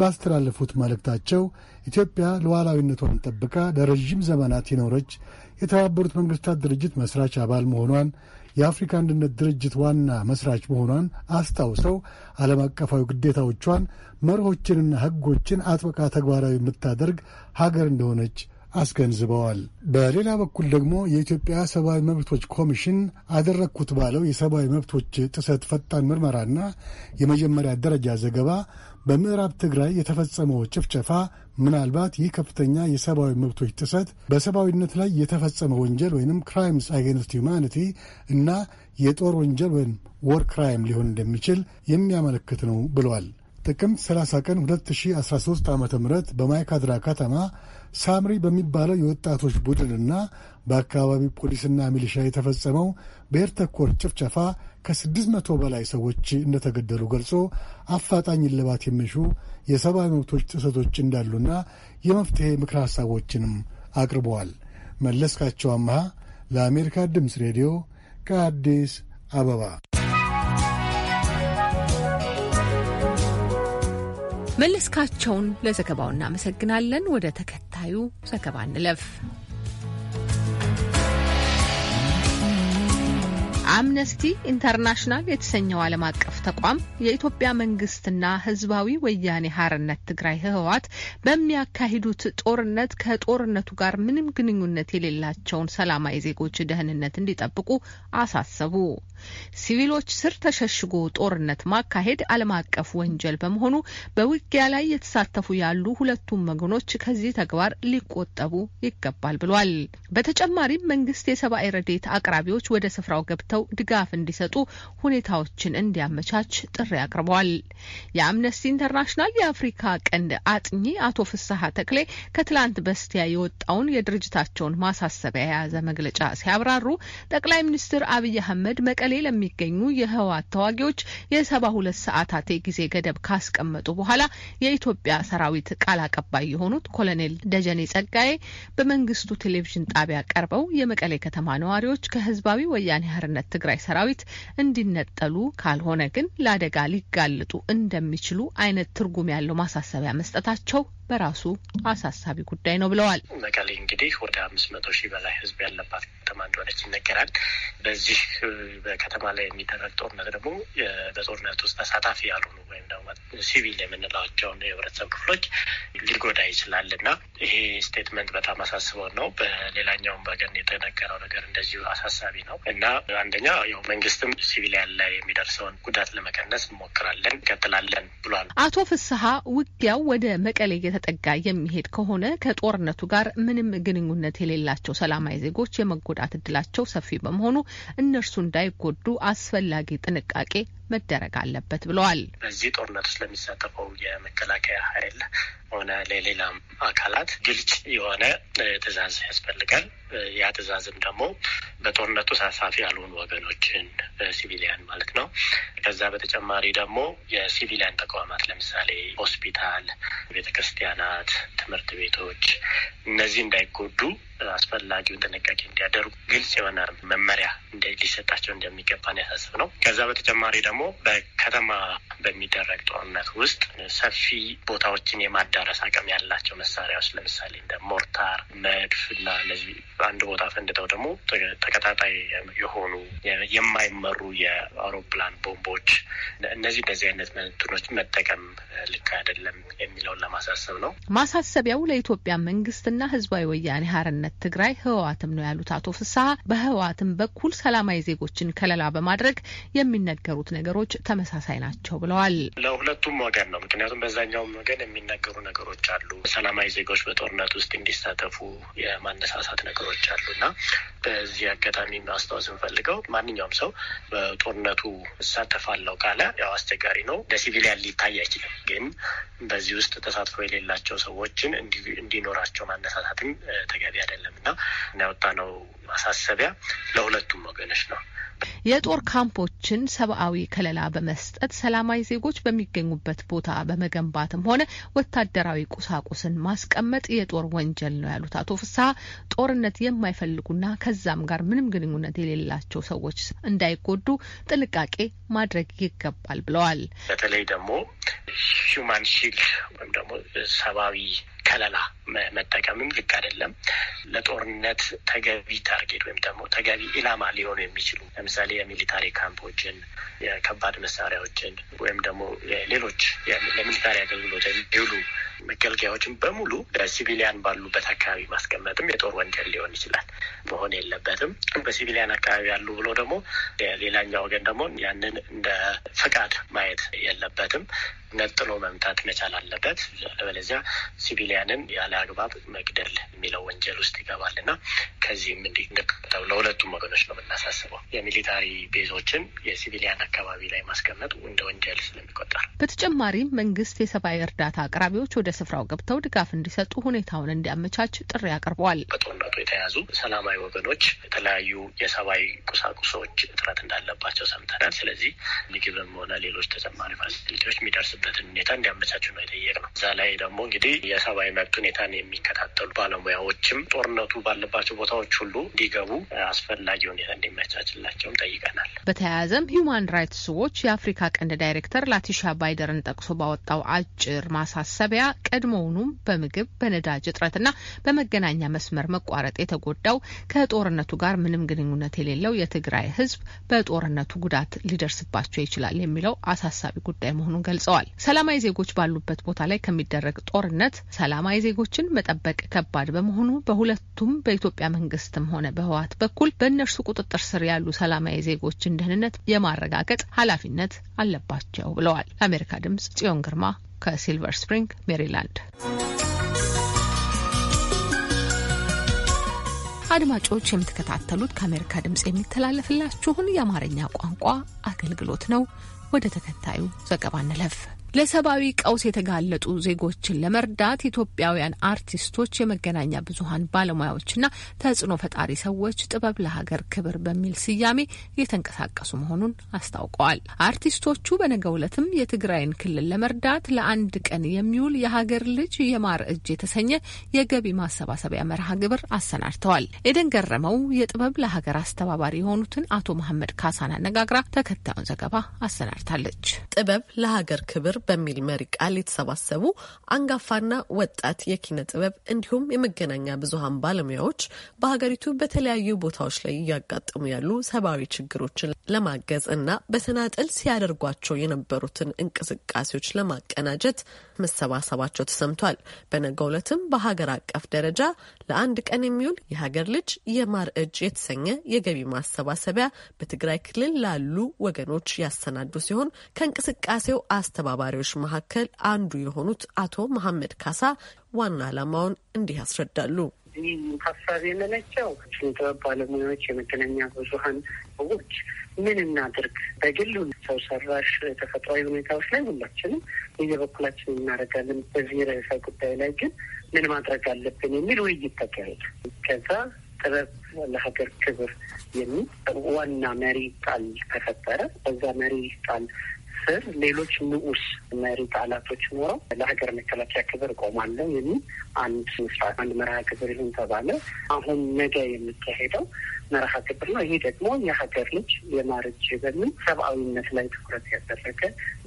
F: ባስተላለፉት መልእክታቸው ኢትዮጵያ ሉዓላዊነቷን ጠብቃ ለረዥም ዘመናት የኖረች የተባበሩት መንግሥታት ድርጅት መሥራች አባል መሆኗን የአፍሪካ አንድነት ድርጅት ዋና መስራች መሆኗን አስታውሰው ዓለም አቀፋዊ ግዴታዎቿን መርሆችንና ሕጎችን አጥብቃ ተግባራዊ የምታደርግ ሀገር እንደሆነች አስገንዝበዋል። በሌላ በኩል ደግሞ የኢትዮጵያ ሰብአዊ መብቶች ኮሚሽን አደረግኩት ባለው የሰብአዊ መብቶች ጥሰት ፈጣን ምርመራና የመጀመሪያ ደረጃ ዘገባ በምዕራብ ትግራይ የተፈጸመው ጭፍጨፋ ምናልባት ይህ ከፍተኛ የሰብአዊ መብቶች ጥሰት በሰብአዊነት ላይ የተፈጸመ ወንጀል ወይንም ክራይምስ አጌንስት ሁማኒቲ እና የጦር ወንጀል ወይም ወር ክራይም ሊሆን እንደሚችል የሚያመለክት ነው ብለዋል። ጥቅምት 30 ቀን 2013 ዓ ም በማይካድራ ከተማ ሳምሪ በሚባለው የወጣቶች ቡድንና በአካባቢው ፖሊስና ሚሊሻ የተፈጸመው ብሔር ተኮር ጭፍጨፋ ከስድስት መቶ በላይ ሰዎች እንደተገደሉ ገልጾ አፋጣኝ እልባት የሚሹ የሰብአዊ መብቶች ጥሰቶች እንዳሉና የመፍትሔ ምክረ ሐሳቦችንም አቅርበዋል። መለስካቸው አመሃ ለአሜሪካ ድምፅ ሬዲዮ ከአዲስ
B: አበባ መለስካቸውን ለዘገባው እናመሰግናለን። ወደ ተከታዩ ዘገባ እንለፍ። አምነስቲ ኢንተርናሽናል የተሰኘው ዓለም አቀፍ ተቋም የኢትዮጵያ መንግስትና ህዝባዊ ወያኔ ሀርነት ትግራይ ህወሓት በሚያካሂዱት ጦርነት ከጦርነቱ ጋር ምንም ግንኙነት የሌላቸውን ሰላማዊ ዜጎች ደህንነት እንዲጠብቁ አሳሰቡ። ሲቪሎች ስር ተሸሽጎ ጦርነት ማካሄድ ዓለም አቀፍ ወንጀል በመሆኑ በውጊያ ላይ የተሳተፉ ያሉ ሁለቱም ወገኖች ከዚህ ተግባር ሊቆጠቡ ይገባል ብሏል። በተጨማሪም መንግስት የሰብአዊ ረዴት አቅራቢዎች ወደ ስፍራው ገብተው ድጋፍ እንዲሰጡ ሁኔታዎችን እንዲያመቻች ጥሪ አቅርበዋል። የአምነስቲ ኢንተርናሽናል የአፍሪካ ቀንድ አጥኚ አቶ ፍስሀ ተክሌ ከትላንት በስቲያ የወጣውን የድርጅታቸውን ማሳሰቢያ የያዘ መግለጫ ሲያብራሩ ጠቅላይ ሚኒስትር አብይ አህመድ መቀሌ ለሚገኙ የህወሓት ተዋጊዎች የሰባ ሁለት ሰዓታት የጊዜ ገደብ ካስቀመጡ በኋላ የኢትዮጵያ ሰራዊት ቃል አቀባይ የሆኑት ኮሎኔል ደጀኔ ጸጋዬ በመንግስቱ ቴሌቪዥን ጣቢያ ቀርበው የመቀሌ ከተማ ነዋሪዎች ከህዝባዊ ወያኔ ሀርነት ትግራይ ሰራዊት እንዲነጠሉ ካልሆነ ግን ለአደጋ ሊጋለጡ እንደሚችሉ አይነት ትርጉም ያለው ማሳሰቢያ መስጠታቸው በራሱ አሳሳቢ ጉዳይ ነው ብለዋል።
G: መቀሌ እንግዲህ ወደ አምስት መቶ ሺህ በላይ ህዝብ ያለባት ከተማ እንደሆነች ይነገራል። በዚህ በከተማ ላይ የሚደረግ ጦርነት ደግሞ በጦርነት ውስጥ ተሳታፊ ያልሆኑ ወይም ደግሞ ሲቪል የምንላቸውን የህብረተሰብ ክፍሎች ሊጎዳ ይችላል እና ይሄ ስቴትመንት በጣም አሳስበው ነው። በሌላኛውም በገን የተነገረው ነገር እንደዚሁ አሳሳቢ ነው እና አንደኛ ያው መንግስትም ሲቪሊያን ላይ የሚደርሰውን ጉዳት ለመቀነስ እንሞክራለን እንቀጥላለን ብሏል።
B: አቶ ፍስሀ ውጊያው ወደ መቀሌ እየተጠጋ የሚሄድ ከሆነ ከጦርነቱ ጋር ምንም ግንኙነት የሌላቸው ሰላማዊ ዜጎች የመጎዳት እድላቸው ሰፊ በመሆኑ እነርሱ እንዳይጎዱ አስፈላጊ ጥንቃቄ መደረግ አለበት ብለዋል።
G: በዚህ ጦርነት ውስጥ ለሚሳተፈው የመከላከያ ኃይል ሆነ ለሌላም አካላት ግልጽ የሆነ ትዕዛዝ ያስፈልጋል። ያ ትዕዛዝም ደግሞ በጦርነቱ ተሳታፊ ያልሆኑ ወገኖችን ሲቪሊያን ማለት ነው። ከዛ በተጨማሪ ደግሞ የሲቪሊያን ተቋማት ለምሳሌ ሆስፒታል፣ ቤተክርስቲያናት፣ ትምህርት ቤቶች እነዚህ እንዳይጎዱ አስፈላጊውን ጥንቃቄ እንዲያደርጉ ግልጽ የሆነ መመሪያ ሊሰጣቸው ነው ያሳስብ ነው። ከዛ በተጨማሪ ደግሞ በከተማ በሚደረግ ጦርነት ውስጥ ሰፊ ቦታዎችን የማዳረስ አቅም ያላቸው መሳሪያዎች ለምሳሌ እንደ ሞርታር፣ መድፍ እና እነዚህ አንድ ቦታ ፈንድተው ደግሞ ተቀጣጣይ የሆኑ የማይመሩ የአውሮፕላን ቦምቦች እነዚህ እንደዚህ አይነት መንትኖች መጠቀም ልክ አይደለም የሚለውን ለማሳሰብ
B: ነው። ማሳሰቢያው ለኢትዮጵያ መንግስትና ህዝባዊ ወያኔ ሀርነት ነጻነት ትግራይ ህወሓትም ነው ያሉት አቶ ፍስሀ በህወሓትም በኩል ሰላማዊ ዜጎችን ከለላ በማድረግ የሚነገሩት ነገሮች ተመሳሳይ ናቸው ብለዋል።
G: ለሁለቱም ወገን ነው። ምክንያቱም በዛኛውም ወገን የሚነገሩ ነገሮች አሉ። ሰላማዊ ዜጎች በጦርነት ውስጥ እንዲሳተፉ የማነሳሳት ነገሮች አሉ እና በዚህ አጋጣሚ ማስታወስ እንፈልገው ማንኛውም ሰው በጦርነቱ እሳተፋለሁ ካለ ያው አስቸጋሪ ነው፣ ለሲቪሊያን ሊታይ አይችልም። ግን በዚህ ውስጥ ተሳትፎ የሌላቸው ሰዎችን እንዲኖራቸው ማነሳሳትም ተገቢ ያደ የለም እና ነው ማሳሰቢያ ለሁለቱም ወገኖች ነው።
B: የጦር ካምፖችን ሰብአዊ ከለላ በመስጠት ሰላማዊ ዜጎች በሚገኙበት ቦታ በመገንባትም ሆነ ወታደራዊ ቁሳቁስን ማስቀመጥ የጦር ወንጀል ነው ያሉት አቶ ፍስሀ ጦርነት የማይፈልጉና ከዛም ጋር ምንም ግንኙነት የሌላቸው ሰዎች እንዳይጎዱ ጥንቃቄ ማድረግ ይገባል ብለዋል።
G: በተለይ ደግሞ ሂውማን ሺልድ ወይም ደግሞ ሰብአዊ ከለላ መጠቀምም ልክ አይደለም። ለጦርነት ተገቢ ታርጌት ወይም ደግሞ ተገቢ ኢላማ ሊሆኑ የሚችሉ ለምሳሌ የሚሊታሪ ካምፖችን፣ የከባድ መሳሪያዎችን ወይም ደግሞ ሌሎች ለሚሊታሪ አገልግሎት የሚውሉ መገልገያዎችን በሙሉ ሲቪሊያን ባሉበት አካባቢ ማስቀመጥም የጦር ወንጀል ሊሆን ይችላል፣ መሆን የለበትም። በሲቪሊያን አካባቢ ያሉ ብሎ ደግሞ ሌላኛው ወገን ደግሞ ያንን እንደ ፍቃድ ማየት የለበትም። ነጥሎ መምታት መቻል አለበት። አለበለዚያ ሲቪሊያንን ያለ አግባብ መግደል የሚለው ወንጀል ውስጥ ይገባል እና ከዚህም እንዲንቀጠው ለሁለቱም ወገኖች ነው የምናሳስበው። የሚሊታሪ ቤዞችን የሲቪሊያን አካባቢ ላይ ማስቀመጥ እንደ ወንጀል ስለሚቆጠር፣
B: በተጨማሪም መንግስት የሰብአዊ እርዳታ አቅራቢዎች ወደ ስፍራው ገብተው ድጋፍ እንዲሰጡ ሁኔታውን እንዲያመቻች ጥሪ አቅርበዋል።
G: በጦርነቱ የተያዙ ሰላማዊ ወገኖች የተለያዩ የሰብአዊ ቁሳቁሶች እጥረት እንዳለባቸው ሰምተናል። ስለዚህ ምግብም ሆነ ሌሎች ተጨማሪ ፋሲሊቲዎች የሚደርስበትን ሁኔታ እንዲያመቻች ነው የጠየቅነው። እዛ ላይ ደግሞ እንግዲህ የሰብአዊ መብት ሁኔታን የሚከታተሉ ባለሙያዎችም ጦርነቱ ባለባቸው ቦታዎች ሁሉ እንዲገቡ አስፈላጊ ሁኔታ እንዲመቻችላቸውም ጠይቀናል።
B: በተያያዘም ሂዩማን ራይትስ ዎች የአፍሪካ ቀንድ ዳይሬክተር ላቲሻ ባይደርን ጠቅሶ ባወጣው አጭር ማሳሰቢያ ቀድሞውኑም በምግብ በነዳጅ እጥረትና በመገናኛ መስመር መቋረጥ የተጎዳው ከጦርነቱ ጋር ምንም ግንኙነት የሌለው የትግራይ ሕዝብ በጦርነቱ ጉዳት ሊደርስባቸው ይችላል የሚለው አሳሳቢ ጉዳይ መሆኑን ገልጸዋል። ሰላማዊ ዜጎች ባሉበት ቦታ ላይ ከሚደረግ ጦርነት ሰላማዊ ዜጎችን መጠበቅ ከባድ በመሆኑ በሁለቱም በኢትዮጵያ መንግስትም ሆነ በህወሓት በኩል በእነርሱ ቁጥጥር ስር ያሉ ሰላማዊ ዜጎችን ደህንነት የማረጋገጥ ኃላፊነት አለባቸው ብለዋል። ለአሜሪካ ድምጽ ጽዮን ግርማ ከሲልቨር ስፕሪንግ ሜሪላንድ። አድማጮች የምትከታተሉት ከአሜሪካ ድምፅ የሚተላለፍላችሁን የአማርኛ ቋንቋ አገልግሎት ነው። ወደ ተከታዩ ዘገባ እንለፍ። ለሰብአዊ ቀውስ የተጋለጡ ዜጎችን ለመርዳት ኢትዮጵያውያን አርቲስቶች፣ የመገናኛ ብዙኃን ባለሙያዎችና ተጽዕኖ ፈጣሪ ሰዎች ጥበብ ለሀገር ክብር በሚል ስያሜ እየተንቀሳቀሱ መሆኑን አስታውቀዋል። አርቲስቶቹ በነገው ዕለትም የትግራይን ክልል ለመርዳት ለአንድ ቀን የሚውል የሀገር ልጅ የማር እጅ የተሰኘ የገቢ ማሰባሰቢያ መርሃ ግብር አሰናድተዋል። ኤደን ገረመው የጥበብ ለሀገር አስተባባሪ የሆኑትን አቶ መሐመድ ካሳን
H: አነጋግራ ተከታዩን ዘገባ አሰናድታለች። ጥበብ ለሀገር ክብር በሚል መሪ ቃል የተሰባሰቡ አንጋፋና ወጣት የኪነ ጥበብ እንዲሁም የመገናኛ ብዙሀን ባለሙያዎች በሀገሪቱ በተለያዩ ቦታዎች ላይ እያጋጠሙ ያሉ ሰብአዊ ችግሮችን ለማገዝ እና በተናጠል ሲያደርጓቸው የነበሩትን እንቅስቃሴዎች ለማቀናጀት መሰባሰባቸው ተሰምቷል። በነገ ዕለትም በሀገር አቀፍ ደረጃ ለአንድ ቀን የሚውል የሀገር ልጅ የማር እጅ የተሰኘ የገቢ ማሰባሰቢያ በትግራይ ክልል ላሉ ወገኖች ያሰናዱ ሲሆን ከእንቅስቃሴው አስተባባሪ ተማሪዎች መካከል አንዱ የሆኑት አቶ መሐመድ ካሳ ዋና ዓላማውን እንዲህ ያስረዳሉ።
I: ይህ ሀሳብ የመነጨው ባለሙያዎች፣ የመገናኛ ብዙሀን ሰዎች ምን እናድርግ፣ በግል ሰው ሰራሽ ተፈጥሯዊ ሁኔታዎች ላይ ሁላችንም የበኩላችን እናደርጋለን፣ በዚህ ርዕሰ ጉዳይ ላይ ግን ምን ማድረግ አለብን የሚል ውይይት ተካሄደ። ከዛ ጥበብ ለሀገር ክብር የሚል ዋና መሪ ቃል ተፈጠረ። በዛ መሪ ቃል ስር ሌሎች ንዑስ መሪ ቃላቶች ኖረው ለሀገር መከላከያ ክብር እቆማለሁ የሚል አንድ ምስራት አንድ መርሃ ግብር ይሁን ተባለ። አሁን ነገ የምካሄደው መርሃ ግብር ነው። ይህ ደግሞ የሀገር ልጅ የማረጅ በሚል ሰብአዊነት ላይ ትኩረት ያደረገ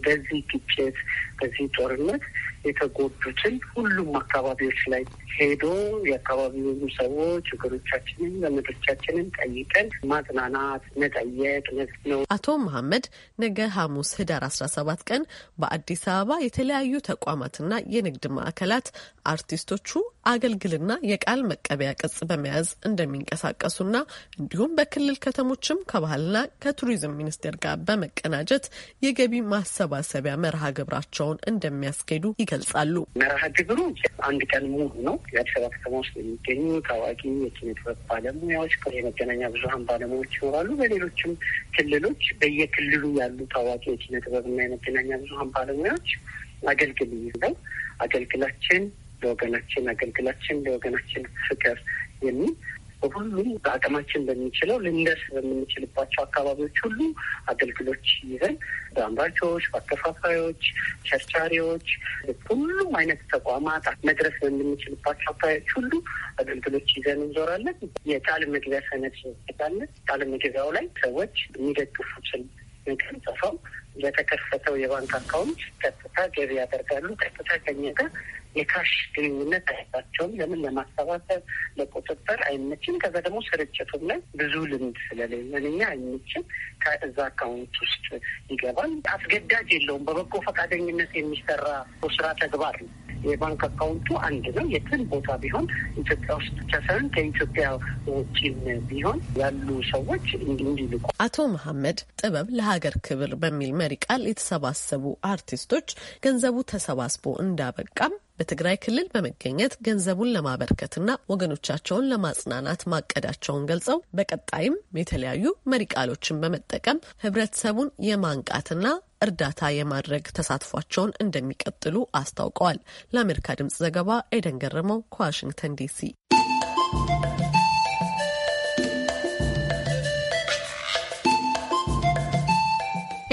I: በዚህ ግጭት በዚህ ጦርነት የተጎዱትን ሁሉም አካባቢዎች ላይ ሄዶ የአካባቢውን ሰዎች ችግሮቻችንን፣ ዘመዶቻችንን ጠይቀን ማጽናናት፣ መጠየቅ
H: ነው። አቶ መሐመድ ነገ ሐሙስ ህዳር አስራ ሰባት ቀን በአዲስ አበባ የተለያዩ ተቋማትና የንግድ ማዕከላት አርቲስቶቹ አገልግልና የቃል መቀበያ ቅጽ በመያዝ እንደሚንቀሳቀሱና እንዲሁም በክልል ከተሞችም ከባህልና ከቱሪዝም ሚኒስቴር ጋር በመቀናጀት የገቢ ማሰባሰቢያ መርሃ ግብራቸውን እንደሚያስኬዱ ይገልጻሉ።
I: መርሃ ግብሩ አንድ ቀን ሙሉ ነው። የአዲስ አበባ ከተማ ውስጥ የሚገኙ ታዋቂ የኪነ ጥበብ ባለሙያዎች፣ የመገናኛ ብዙሀን ባለሙያዎች ይኖራሉ። በሌሎችም ክልሎች በየክልሉ ያሉ ታዋቂ የኪነ ጥበብና የመገናኛ ብዙሀን ባለሙያዎች አገልግል ይዘው አገልግላችን ለወገናችን አገልግላችን ለወገናችን ፍቅር የሚል በሁሉም በአቅማችን በሚችለው ልንደርስ በምንችልባቸው አካባቢዎች ሁሉ አገልግሎች ይዘን በአምራቾች፣ በአከፋፋዮች፣ ቸርቻሪዎች፣ ሁሉም አይነት ተቋማት መድረስ በምንችልባቸው አካባቢዎች ሁሉ አገልግሎች ይዘን እንዞራለን። የቃለ መግቢያ ሰነድ ይጣለን። ቃል መግቢያው ላይ ሰዎች የሚደግፉትን ቀንጽፈው ለተከፈተው የባንክ አካውንት ቀጥታ ገቢ ያደርጋሉ። ቀጥታ ከኛ ጋር የካሽ ግንኙነት አይባቸውም። ለምን ለማሰባሰብ ለቁጥጥር አይመችም። ከዛ ደግሞ ስርጭቱም ላይ ብዙ ልምድ ስለሌለን እኛ አይመችም። ከእዛ አካውንት ውስጥ ይገባል። አስገዳጅ የለውም። በበጎ ፈቃደኝነት የሚሰራ ስራ ተግባር ነው። የባንክ አካውንቱ አንድ ነው። የትን ቦታ ቢሆን ኢትዮጵያ ውስጥ ብቻ ሳይሆን ከኢትዮጵያ ውጭም ቢሆን ያሉ ሰዎች እንዲልቁ።
H: አቶ መሐመድ ጥበብ ለሀገር ክብር በሚል መሪ ቃል የተሰባሰቡ አርቲስቶች ገንዘቡ ተሰባስቦ እንዳበቃም በትግራይ ክልል በመገኘት ገንዘቡን ለማበርከትና ወገኖቻቸውን ለማጽናናት ማቀዳቸውን ገልጸው በቀጣይም የተለያዩ መሪ ቃሎችን በመጠቀም ህብረተሰቡን የማንቃትና እርዳታ የማድረግ ተሳትፏቸውን እንደሚቀጥሉ አስታውቀዋል። ለአሜሪካ ድምጽ ዘገባ ኤደን ገረመው ከዋሽንግተን ዲሲ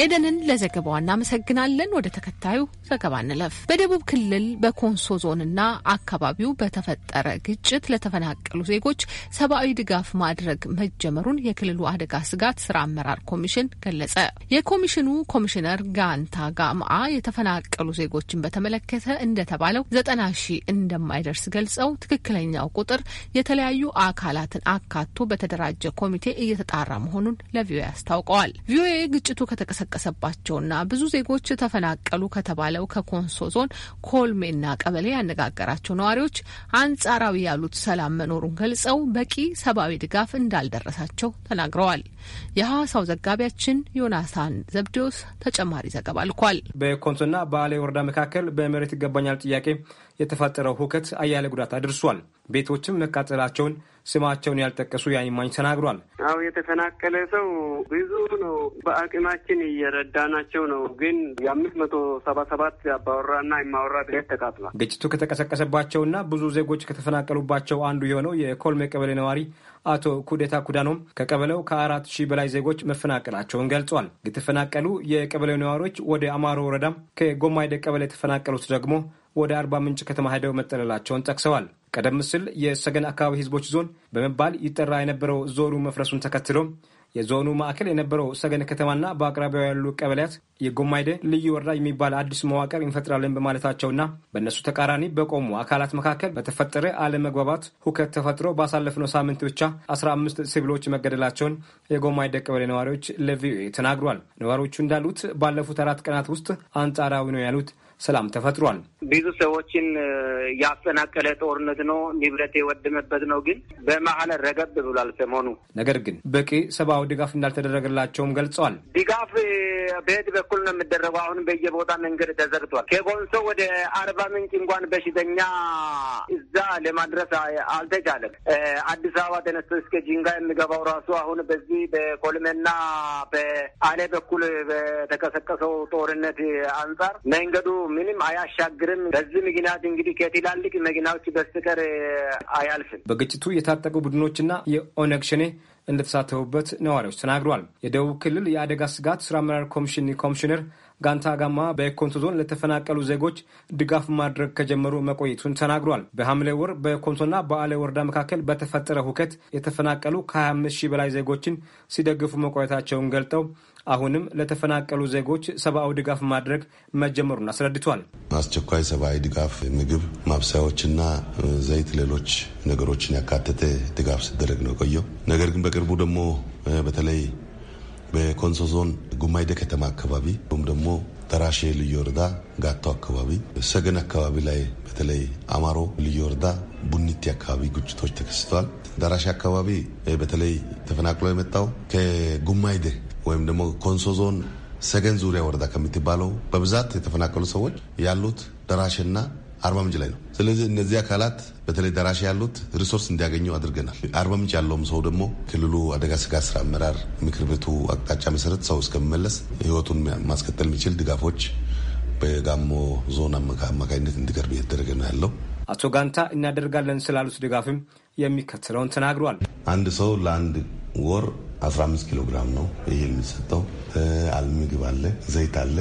B: ኤደንን ለዘገባዋ እናመሰግናለን። ወደ ተከታዩ ዘገባ እንለፍ። በደቡብ ክልል በኮንሶ ዞንና አካባቢው በተፈጠረ ግጭት ለተፈናቀሉ ዜጎች ሰብአዊ ድጋፍ ማድረግ መጀመሩን የክልሉ አደጋ ስጋት ስራ አመራር ኮሚሽን ገለጸ። የኮሚሽኑ ኮሚሽነር ጋንታ ጋምአ የተፈናቀሉ ዜጎችን በተመለከተ እንደተባለው ዘጠና ሺህ እንደማይደርስ ገልጸው ትክክለኛው ቁጥር የተለያዩ አካላትን አካቶ በተደራጀ ኮሚቴ እየተጣራ መሆኑን ለቪኦኤ አስታውቀዋል። ቪኦኤ ግጭቱ ከተቀሰ ከተቀሰቀሰባቸውና ብዙ ዜጎች ተፈናቀሉ ከተባለው ከኮንሶ ዞን ኮልሜና ቀበሌ ያነጋገራቸው ነዋሪዎች አንጻራዊ ያሉት ሰላም መኖሩን ገልጸው በቂ ሰብአዊ ድጋፍ እንዳልደረሳቸው ተናግረዋል። የሐዋሳው ዘጋቢያችን ዮናታን ዘብዴዎስ ተጨማሪ ዘገባ ልኳል።
A: በኮንሶና በአሌ ወረዳ መካከል በመሬት ይገባኛል ጥያቄ የተፈጠረው ሁከት አያሌ ጉዳት አድርሷል። ቤቶችም መቃጠላቸውን ስማቸውን ያልጠቀሱ የአይንማኝ ተናግሯል።
D: አው የተፈናቀለ ሰው ብዙ ነው። በአቅማችን እየረዳናቸው ነው። ግን የአምስት መቶ ሰባ ሰባት አባወራና የማወራ ቤት ተቃጥሏል።
A: ግጭቱ ከተቀሰቀሰባቸውና ብዙ ዜጎች ከተፈናቀሉባቸው አንዱ የሆነው የኮልሜ ቀበሌ ነዋሪ አቶ ኩዴታ ኩዳኖም ከቀበሌው ከአራት ሺህ በላይ ዜጎች መፈናቀላቸውን ገልጿል። የተፈናቀሉ የቀበሌው ነዋሪዎች ወደ አማሮ ወረዳም ከጎማይደ ቀበሌ የተፈናቀሉት ደግሞ ወደ አርባ ምንጭ ከተማ ሄደው መጠለላቸውን ጠቅሰዋል። ቀደም ሲል የሰገን አካባቢ ህዝቦች ዞን በመባል ይጠራ የነበረው ዞኑ መፍረሱን ተከትሎም የዞኑ ማዕከል የነበረው ሰገን ከተማና በአቅራቢያው ያሉ ቀበሌያት የጎማይደ ልዩ ወረዳ የሚባል አዲስ መዋቅር እንፈጥራለን በማለታቸውና በእነሱ ተቃራኒ በቆሙ አካላት መካከል በተፈጠረ አለመግባባት ሁከት ተፈጥሮ ባሳለፍነው ሳምንት ብቻ 15 ሲቪሎች መገደላቸውን የጎማይደ ቀበሌ ነዋሪዎች ለቪኦኤ ተናግሯል። ነዋሪዎቹ እንዳሉት ባለፉት አራት ቀናት ውስጥ አንጻራዊ ነው ያሉት ሰላም ተፈጥሯል።
J: ብዙ ሰዎችን ያፈናቀለ ጦርነት ነው። ንብረት የወደመበት ነው። ግን በመሀል ረገብ ብሏል ሰሞኑ።
A: ነገር ግን በቂ ሰብአዊ ድጋፍ እንዳልተደረገላቸውም ገልጸዋል።
J: ድጋፍ በየት በኩል ነው የሚደረገው? አሁን በየቦታ መንገድ ተዘግቷል። ከኮንሶ ወደ አርባ ምንጭ እንኳን በሽተኛ እዛ ለማድረስ አልተቻለም። አዲስ አበባ ተነስቶ እስከ ጂንጋ የሚገባው ራሱ አሁን በዚህ በኮልሜና በአሌ በኩል በተቀሰቀሰው ጦርነት አንጻር መንገዱ ምንም አያሻግርም። አይደለም። በዚህ ምክንያት እንግዲህ ከትላልቅ መኪናዎች በስተቀር አያልፍም።
A: በግጭቱ የታጠቁ ቡድኖችና የኦነግ ሸኔ እንደተሳተፉበት ነዋሪዎች ተናግረዋል። የደቡብ ክልል የአደጋ ስጋት ስራ አመራር ኮሚሽን ኮሚሽነር ጋንታ ጋማ በኮንቶ ዞን ለተፈናቀሉ ዜጎች ድጋፍ ማድረግ ከጀመሩ መቆየቱን ተናግሯል። በሐምሌ ወር በኮንሶና በአሌ ወረዳ መካከል በተፈጠረ ሁከት የተፈናቀሉ ከ25 ሺህ በላይ ዜጎችን ሲደግፉ መቆየታቸውን ገልጠው አሁንም ለተፈናቀሉ ዜጎች ሰብአዊ ድጋፍ ማድረግ መጀመሩን አስረድቷል።
F: አስቸኳይ
K: ሰብአዊ ድጋፍ ምግብ፣ ማብሰያዎችና ዘይት፣ ሌሎች ነገሮችን ያካተተ ድጋፍ ሲደረግ ነው ቆየው። ነገር ግን በቅርቡ ደግሞ በተለይ በኮንሶ ዞን ጉማይደ ከተማ አካባቢ ወይም ደግሞ ተራሼ ልዩ ወረዳ ጋቶ አካባቢ፣ ሰገን አካባቢ ላይ በተለይ አማሮ ልዩ ወረዳ ቡኒቲ አካባቢ ግጭቶች ተከስተዋል። ተራሼ አካባቢ በተለይ ተፈናቅሎ የመጣው ከጉማይደ ወይም ደግሞ ኮንሶ ዞን ሰገን ዙሪያ ወረዳ ከምትባለው በብዛት የተፈናቀሉ ሰዎች ያሉት ደራሽና አርባምንጭ ላይ ነው። ስለዚህ እነዚህ አካላት በተለይ ደራሽ ያሉት ሪሶርስ እንዲያገኙ አድርገናል። አርባምንጭ ያለውም ሰው ደግሞ ክልሉ አደጋ ስጋት ስራ አመራር ምክር ቤቱ አቅጣጫ መሰረት ሰው እስከሚመለስ ህይወቱን ማስቀጠል የሚችል ድጋፎች በጋሞ ዞን አማካኝነት እንዲቀርብ እየተደረገ ነው ያለው።
A: አቶ ጋንታ እናደርጋለን ስላሉት ድጋፍም የሚከተለውን ተናግሯል።
K: አንድ ሰው ለአንድ ወር 15 ኪሎ ግራም ነው ይሄ የሚሰጠው። አልምግብ አለ፣ ዘይት አለ።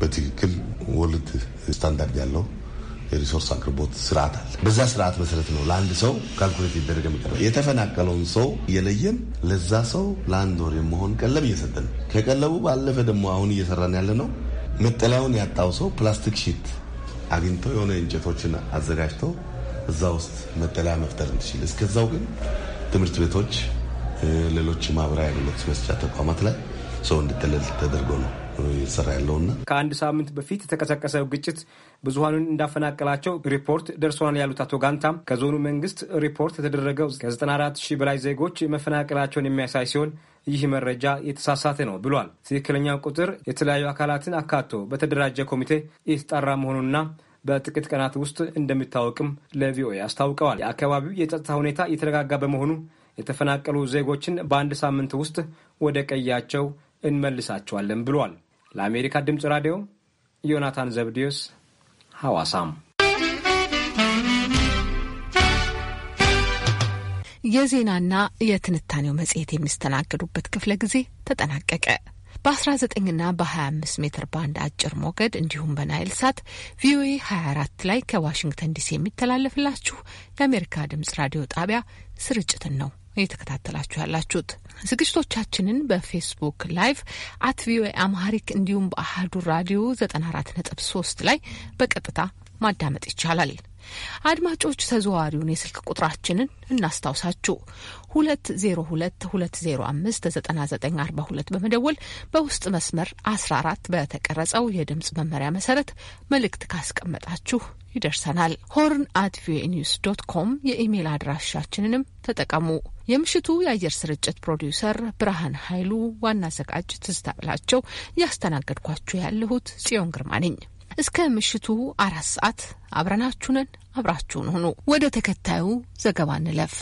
K: በትክክል ወልድ ስታንዳርድ ያለው የሪሶርስ አቅርቦት ስርዓት አለ። በዛ ስርዓት መሰረት ነው ለአንድ ሰው ካልኩሌት ይደረገ የሚቀርበው። የተፈናቀለውን ሰው እየለየን ለዛ ሰው ለአንድ ወር የመሆን ቀለብ እየሰጠን ከቀለቡ ባለፈ ደግሞ አሁን እየሰራን ያለ ነው መጠለያውን ያጣው ሰው ፕላስቲክ ሺት አግኝተው የሆነ እንጨቶችን አዘጋጅተው እዛ ውስጥ መጠለያ መፍጠር እንችል። እስከዛው ግን ትምህርት ቤቶች ሌሎች ማህበራዊ አገልግሎት መስጫ ተቋማት ላይ ሰው እንዲጠለል ተደርጎ ነው እየተሰራ ያለውና
A: ከአንድ ሳምንት በፊት የተቀሰቀሰው ግጭት ብዙሀኑን እንዳፈናቀላቸው ሪፖርት ደርሰዋል ያሉት አቶ ጋንታ። ከዞኑ መንግስት ሪፖርት የተደረገው ከ94 ሺህ በላይ ዜጎች መፈናቀላቸውን የሚያሳይ ሲሆን ይህ መረጃ የተሳሳተ ነው ብሏል። ትክክለኛው ቁጥር የተለያዩ አካላትን አካቶ በተደራጀ ኮሚቴ የተጣራ መሆኑና በጥቂት ቀናት ውስጥ እንደሚታወቅም ለቪኦኤ አስታውቀዋል። የአካባቢው የጸጥታ ሁኔታ የተረጋጋ በመሆኑ የተፈናቀሉ ዜጎችን በአንድ ሳምንት ውስጥ ወደ ቀያቸው እንመልሳቸዋለን ብሏል። ለአሜሪካ ድምፅ ራዲዮ ዮናታን ዘብዲዮስ ሐዋሳም
B: የዜናና የትንታኔው መጽሔት የሚስተናገዱበት ክፍለ ጊዜ ተጠናቀቀ። በ19ና በ25 ሜትር ባንድ አጭር ሞገድ እንዲሁም በናይል ሳት ቪኦኤ 24 ላይ ከዋሽንግተን ዲሲ የሚተላለፍላችሁ የአሜሪካ ድምጽ ራዲዮ ጣቢያ ስርጭትን ነው እየተከታተላችሁ ያላችሁት። ዝግጅቶቻችንን በፌስቡክ ላይቭ አት ቪኦኤ አምሃሪክ እንዲሁም በአህዱ ራዲዮ 94.3 ላይ በቀጥታ ማዳመጥ ይቻላል። አድማጮች ተዘዋዋሪውን የስልክ ቁጥራችንን እናስታውሳችሁ። 2022059942 በመደወል በውስጥ መስመር 14 በተቀረጸው የድምፅ መመሪያ መሰረት መልእክት ካስቀመጣችሁ ይደርሰናል። ሆርን አት ቪኦኤ ኒውስ ዶት ኮም የኢሜይል አድራሻችንንም ተጠቀሙ። የምሽቱ የአየር ስርጭት ፕሮዲውሰር ብርሃን ኃይሉ፣ ዋና አዘጋጅ ትዝታ ብላቸው፣ እያስተናገድኳችሁ ያለሁት ጽዮን ግርማ ነኝ። እስከ ምሽቱ አራት ሰዓት አብረናችሁንን አብራችሁን ሆኑ። ወደ ተከታዩ ዘገባ እንለፍ።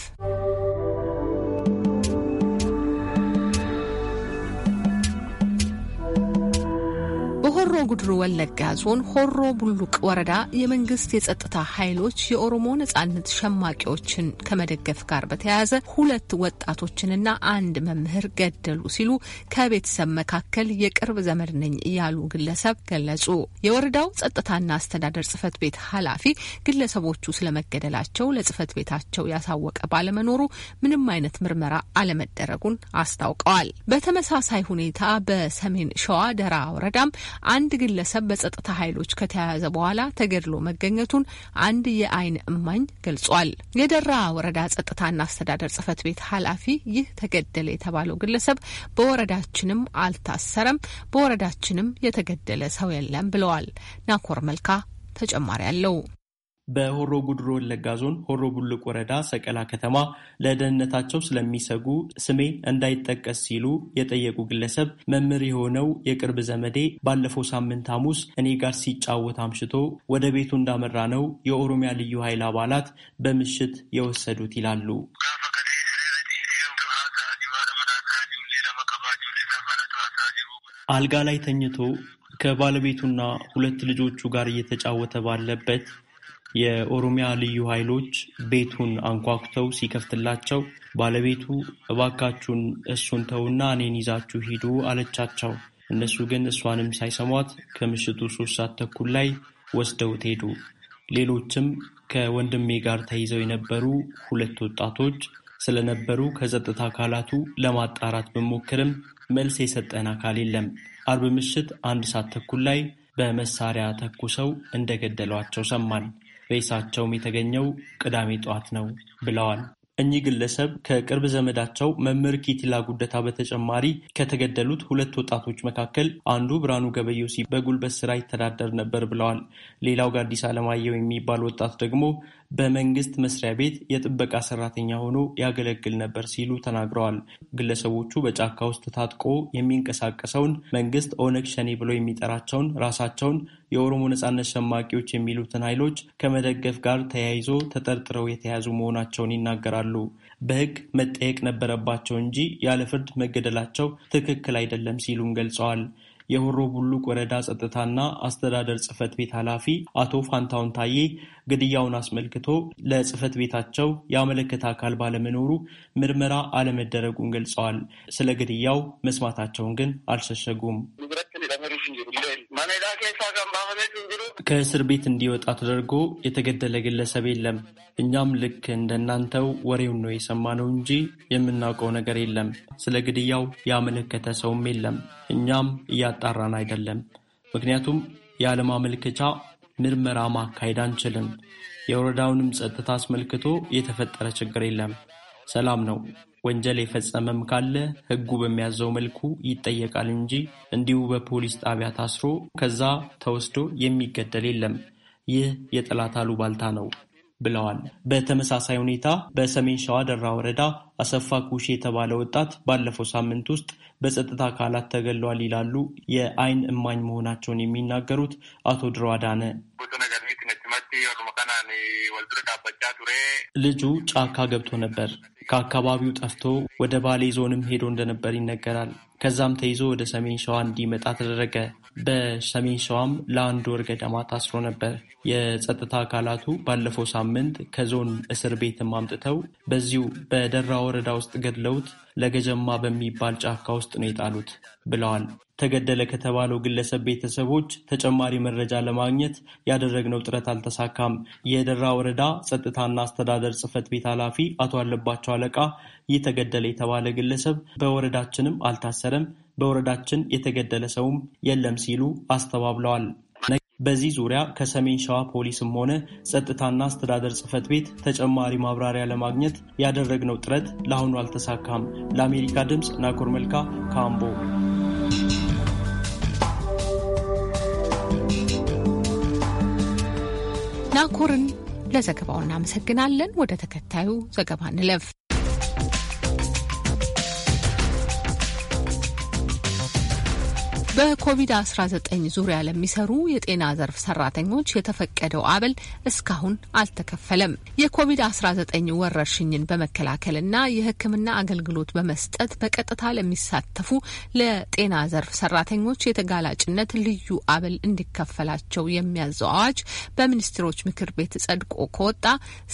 B: ሆሮ ጉድሩ ወለጋ ዞን ሆሮ ቡሉቅ ወረዳ የመንግስት የጸጥታ ኃይሎች የኦሮሞ ነጻነት ሸማቂዎችን ከመደገፍ ጋር በተያያዘ ሁለት ወጣቶችንና አንድ መምህር ገደሉ ሲሉ ከቤተሰብ መካከል የቅርብ ዘመድ ነኝ እያሉ ግለሰብ ገለጹ። የወረዳው ጸጥታና አስተዳደር ጽህፈት ቤት ኃላፊ ግለሰቦቹ ስለመገደላቸው ለጽህፈት ቤታቸው ያሳወቀ ባለመኖሩ ምንም አይነት ምርመራ አለመደረጉን አስታውቀዋል። በተመሳሳይ ሁኔታ በሰሜን ሸዋ ደራ ወረዳም አንድ ግለሰብ በጸጥታ ኃይሎች ከተያያዘ በኋላ ተገድሎ መገኘቱን አንድ የአይን እማኝ ገልጿል። የደራ ወረዳ ጸጥታና አስተዳደር ጽህፈት ቤት ኃላፊ ይህ ተገደለ የተባለው ግለሰብ በወረዳችንም አልታሰረም፣ በወረዳችንም የተገደለ ሰው የለም ብለዋል። ናኮር መልካ ተጨማሪ አለው።
L: በሆሮ ጉድሮ ወለጋ ዞን ሆሮ ቡልቅ ወረዳ ሰቀላ ከተማ ለደህንነታቸው ስለሚሰጉ ስሜ እንዳይጠቀስ ሲሉ የጠየቁ ግለሰብ መምህር የሆነው የቅርብ ዘመዴ ባለፈው ሳምንት ሐሙስ እኔ ጋር ሲጫወት አምሽቶ ወደ ቤቱ እንዳመራ ነው የኦሮሚያ ልዩ ኃይል አባላት በምሽት የወሰዱት ይላሉ። አልጋ ላይ ተኝቶ ከባለቤቱና ሁለት ልጆቹ ጋር እየተጫወተ ባለበት የኦሮሚያ ልዩ ኃይሎች ቤቱን አንኳኩተው ሲከፍትላቸው ባለቤቱ እባካችሁን እሱን ተውና እኔን ይዛችሁ ሂዱ አለቻቸው። እነሱ ግን እሷንም ሳይሰሟት ከምሽቱ ሶስት ሰዓት ተኩል ላይ ወስደውት ሄዱ። ሌሎችም ከወንድሜ ጋር ተይዘው የነበሩ ሁለት ወጣቶች ስለነበሩ ከጸጥታ አካላቱ ለማጣራት ብሞክርም መልስ የሰጠን አካል የለም። አርብ ምሽት አንድ ሰዓት ተኩል ላይ በመሳሪያ ተኩሰው እንደገደሏቸው ሰማን። ሬሳቸውም የተገኘው ቅዳሜ ጠዋት ነው ብለዋል። እኚህ ግለሰብ ከቅርብ ዘመዳቸው መምህር ኪቲላ ጉደታ በተጨማሪ ከተገደሉት ሁለት ወጣቶች መካከል አንዱ ብርሃኑ ገበየው ሲ በጉልበት ስራ ይተዳደር ነበር ብለዋል። ሌላው ጋዲስ አለማየሁ የሚባል ወጣት ደግሞ በመንግስት መስሪያ ቤት የጥበቃ ሰራተኛ ሆኖ ያገለግል ነበር ሲሉ ተናግረዋል። ግለሰቦቹ በጫካ ውስጥ ታጥቆ የሚንቀሳቀሰውን መንግስት ኦነግ ሸኔ ብሎ የሚጠራቸውን ራሳቸውን የኦሮሞ ነጻነት ሸማቂዎች የሚሉትን ኃይሎች ከመደገፍ ጋር ተያይዞ ተጠርጥረው የተያዙ መሆናቸውን ይናገራሉ። በሕግ መጠየቅ ነበረባቸው እንጂ ያለ ፍርድ መገደላቸው ትክክል አይደለም ሲሉም ገልጸዋል። የሆሮ ቡሉቅ ወረዳ ጸጥታና አስተዳደር ጽህፈት ቤት ኃላፊ አቶ ፋንታውን ታዬ ግድያውን አስመልክቶ ለጽህፈት ቤታቸው ያመለከተ አካል ባለመኖሩ ምርመራ አለመደረጉን ገልጸዋል። ስለ ግድያው መስማታቸውን ግን አልሸሸጉም። ከእስር ቤት እንዲወጣ ተደርጎ የተገደለ ግለሰብ የለም። እኛም ልክ እንደናንተው ወሬውን ነው የሰማነው እንጂ የምናውቀው ነገር የለም። ስለ ግድያው ያመለከተ ሰውም የለም። እኛም እያጣራን አይደለም። ምክንያቱም ያለ ምርመራ ማካሄድ አንችልም። የወረዳውንም ጸጥታ አስመልክቶ የተፈጠረ ችግር የለም። ሰላም ነው። ወንጀል የፈጸመም ካለ ህጉ በሚያዘው መልኩ ይጠየቃል እንጂ እንዲሁ በፖሊስ ጣቢያ ታስሮ ከዛ ተወስዶ የሚገደል የለም። ይህ የጠላት አሉባልታ ነው ብለዋል። በተመሳሳይ ሁኔታ በሰሜን ሸዋ ደራ ወረዳ አሰፋ ኩሽ የተባለ ወጣት ባለፈው ሳምንት ውስጥ በጸጥታ አካላት ተገለዋል ይላሉ የአይን እማኝ መሆናቸውን የሚናገሩት አቶ ድሮ አዳነ። ልጁ ጫካ ገብቶ ነበር። ከአካባቢው ጠፍቶ ወደ ባሌ ዞንም ሄዶ እንደነበር ይነገራል። ከዛም ተይዞ ወደ ሰሜን ሸዋ እንዲመጣ ተደረገ። በሰሜን ሸዋም ለአንድ ወር ገደማ ታስሮ ነበር። የጸጥታ አካላቱ ባለፈው ሳምንት ከዞን እስር ቤትም አምጥተው በዚሁ በደራ ወረዳ ውስጥ ገድለውት ለገጀማ በሚባል ጫካ ውስጥ ነው የጣሉት ብለዋል ተገደለ ከተባለው ግለሰብ ቤተሰቦች ተጨማሪ መረጃ ለማግኘት ያደረግነው ጥረት አልተሳካም። የደራ ወረዳ ጸጥታና አስተዳደር ጽህፈት ቤት ኃላፊ አቶ አለባቸው አለቃ ይህ ተገደለ የተባለ ግለሰብ በወረዳችንም አልታሰረም፣ በወረዳችን የተገደለ ሰውም የለም ሲሉ አስተባብለዋል። በዚህ ዙሪያ ከሰሜን ሸዋ ፖሊስም ሆነ ጸጥታና አስተዳደር ጽህፈት ቤት ተጨማሪ ማብራሪያ ለማግኘት ያደረግነው ጥረት ለአሁኑ አልተሳካም። ለአሜሪካ ድምፅ ናኮር መልካ ካምቦ
B: ናኮርን ለዘገባው እናመሰግናለን። ወደ ተከታዩ ዘገባ እንለፍ። በኮቪድ-19 ዙሪያ ለሚሰሩ የጤና ዘርፍ ሰራተኞች የተፈቀደው አበል እስካሁን አልተከፈለም። የኮቪድ-19 ወረርሽኝን በመከላከልና የሕክምና አገልግሎት በመስጠት በቀጥታ ለሚሳተፉ ለጤና ዘርፍ ሰራተኞች የተጋላጭነት ልዩ አበል እንዲከፈላቸው የሚያዘው አዋጅ በሚኒስትሮች ምክር ቤት ጸድቆ ከወጣ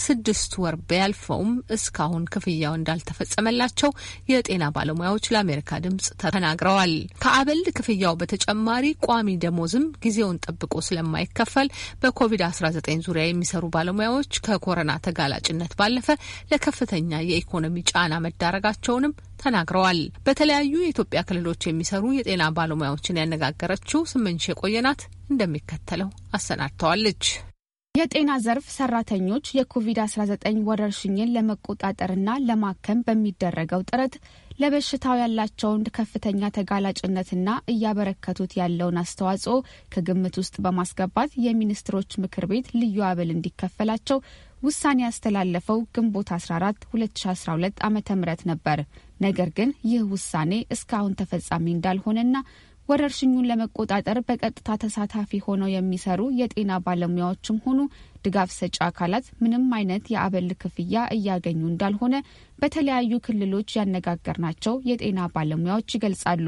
B: ስድስት ወር ቢያልፈውም እስካሁን ክፍያው እንዳልተፈጸመላቸው የጤና ባለሙያዎች ለአሜሪካ ድምጽ ተናግረዋል። ከአበል ክፍያ ከስራው በተጨማሪ ቋሚ ደሞዝም ጊዜውን ጠብቆ ስለማይከፈል በኮቪድ-19 ዙሪያ የሚሰሩ ባለሙያዎች ከኮረና ተጋላጭነት ባለፈ ለከፍተኛ የኢኮኖሚ ጫና መዳረጋቸውንም ተናግረዋል። በተለያዩ የኢትዮጵያ ክልሎች የሚሰሩ የጤና ባለሙያዎችን ያነጋገረችው ስምንሽ የቆየናት እንደሚከተለው አሰናድተዋለች።
M: የጤና ዘርፍ ሰራተኞች የኮቪድ-19 ወረርሽኝን ለመቆጣጠርና ለማከም በሚደረገው ጥረት ለበሽታው ያላቸውን ከፍተኛ ተጋላጭነትና እያበረከቱት ያለውን አስተዋጽኦ ከግምት ውስጥ በማስገባት የሚኒስትሮች ምክር ቤት ልዩ አበል እንዲከፈላቸው ውሳኔ ያስተላለፈው ግንቦት 14 2012 ዓ ም ነበር። ነገር ግን ይህ ውሳኔ እስካሁን ተፈጻሚ እንዳልሆነና ወረርሽኙን ለመቆጣጠር በቀጥታ ተሳታፊ ሆነው የሚሰሩ የጤና ባለሙያዎችም ሆኑ ድጋፍ ሰጪ አካላት ምንም አይነት የአበል ክፍያ እያገኙ እንዳልሆነ በተለያዩ ክልሎች ያነጋገርናቸው የጤና ባለሙያዎች ይገልጻሉ።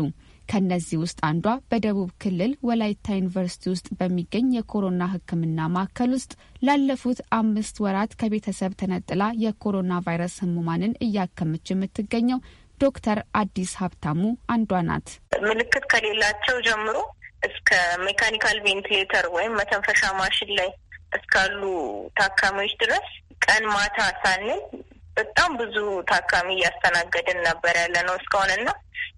M: ከነዚህ ውስጥ አንዷ በደቡብ ክልል ወላይታ ዩኒቨርሲቲ ውስጥ በሚገኝ የኮሮና ሕክምና ማዕከል ውስጥ ላለፉት አምስት ወራት ከቤተሰብ ተነጥላ የኮሮና ቫይረስ ህሙማንን እያከመች የምትገኘው ዶክተር አዲስ ሀብታሙ አንዷ ናት።
J: ምልክት ከሌላቸው ጀምሮ እስከ ሜካኒካል ቬንቲሌተር ወይም መተንፈሻ ማሽን ላይ እስካሉ ታካሚዎች ድረስ ቀን ማታ ሳንል በጣም ብዙ ታካሚ እያስተናገድን ነበር ያለ ነው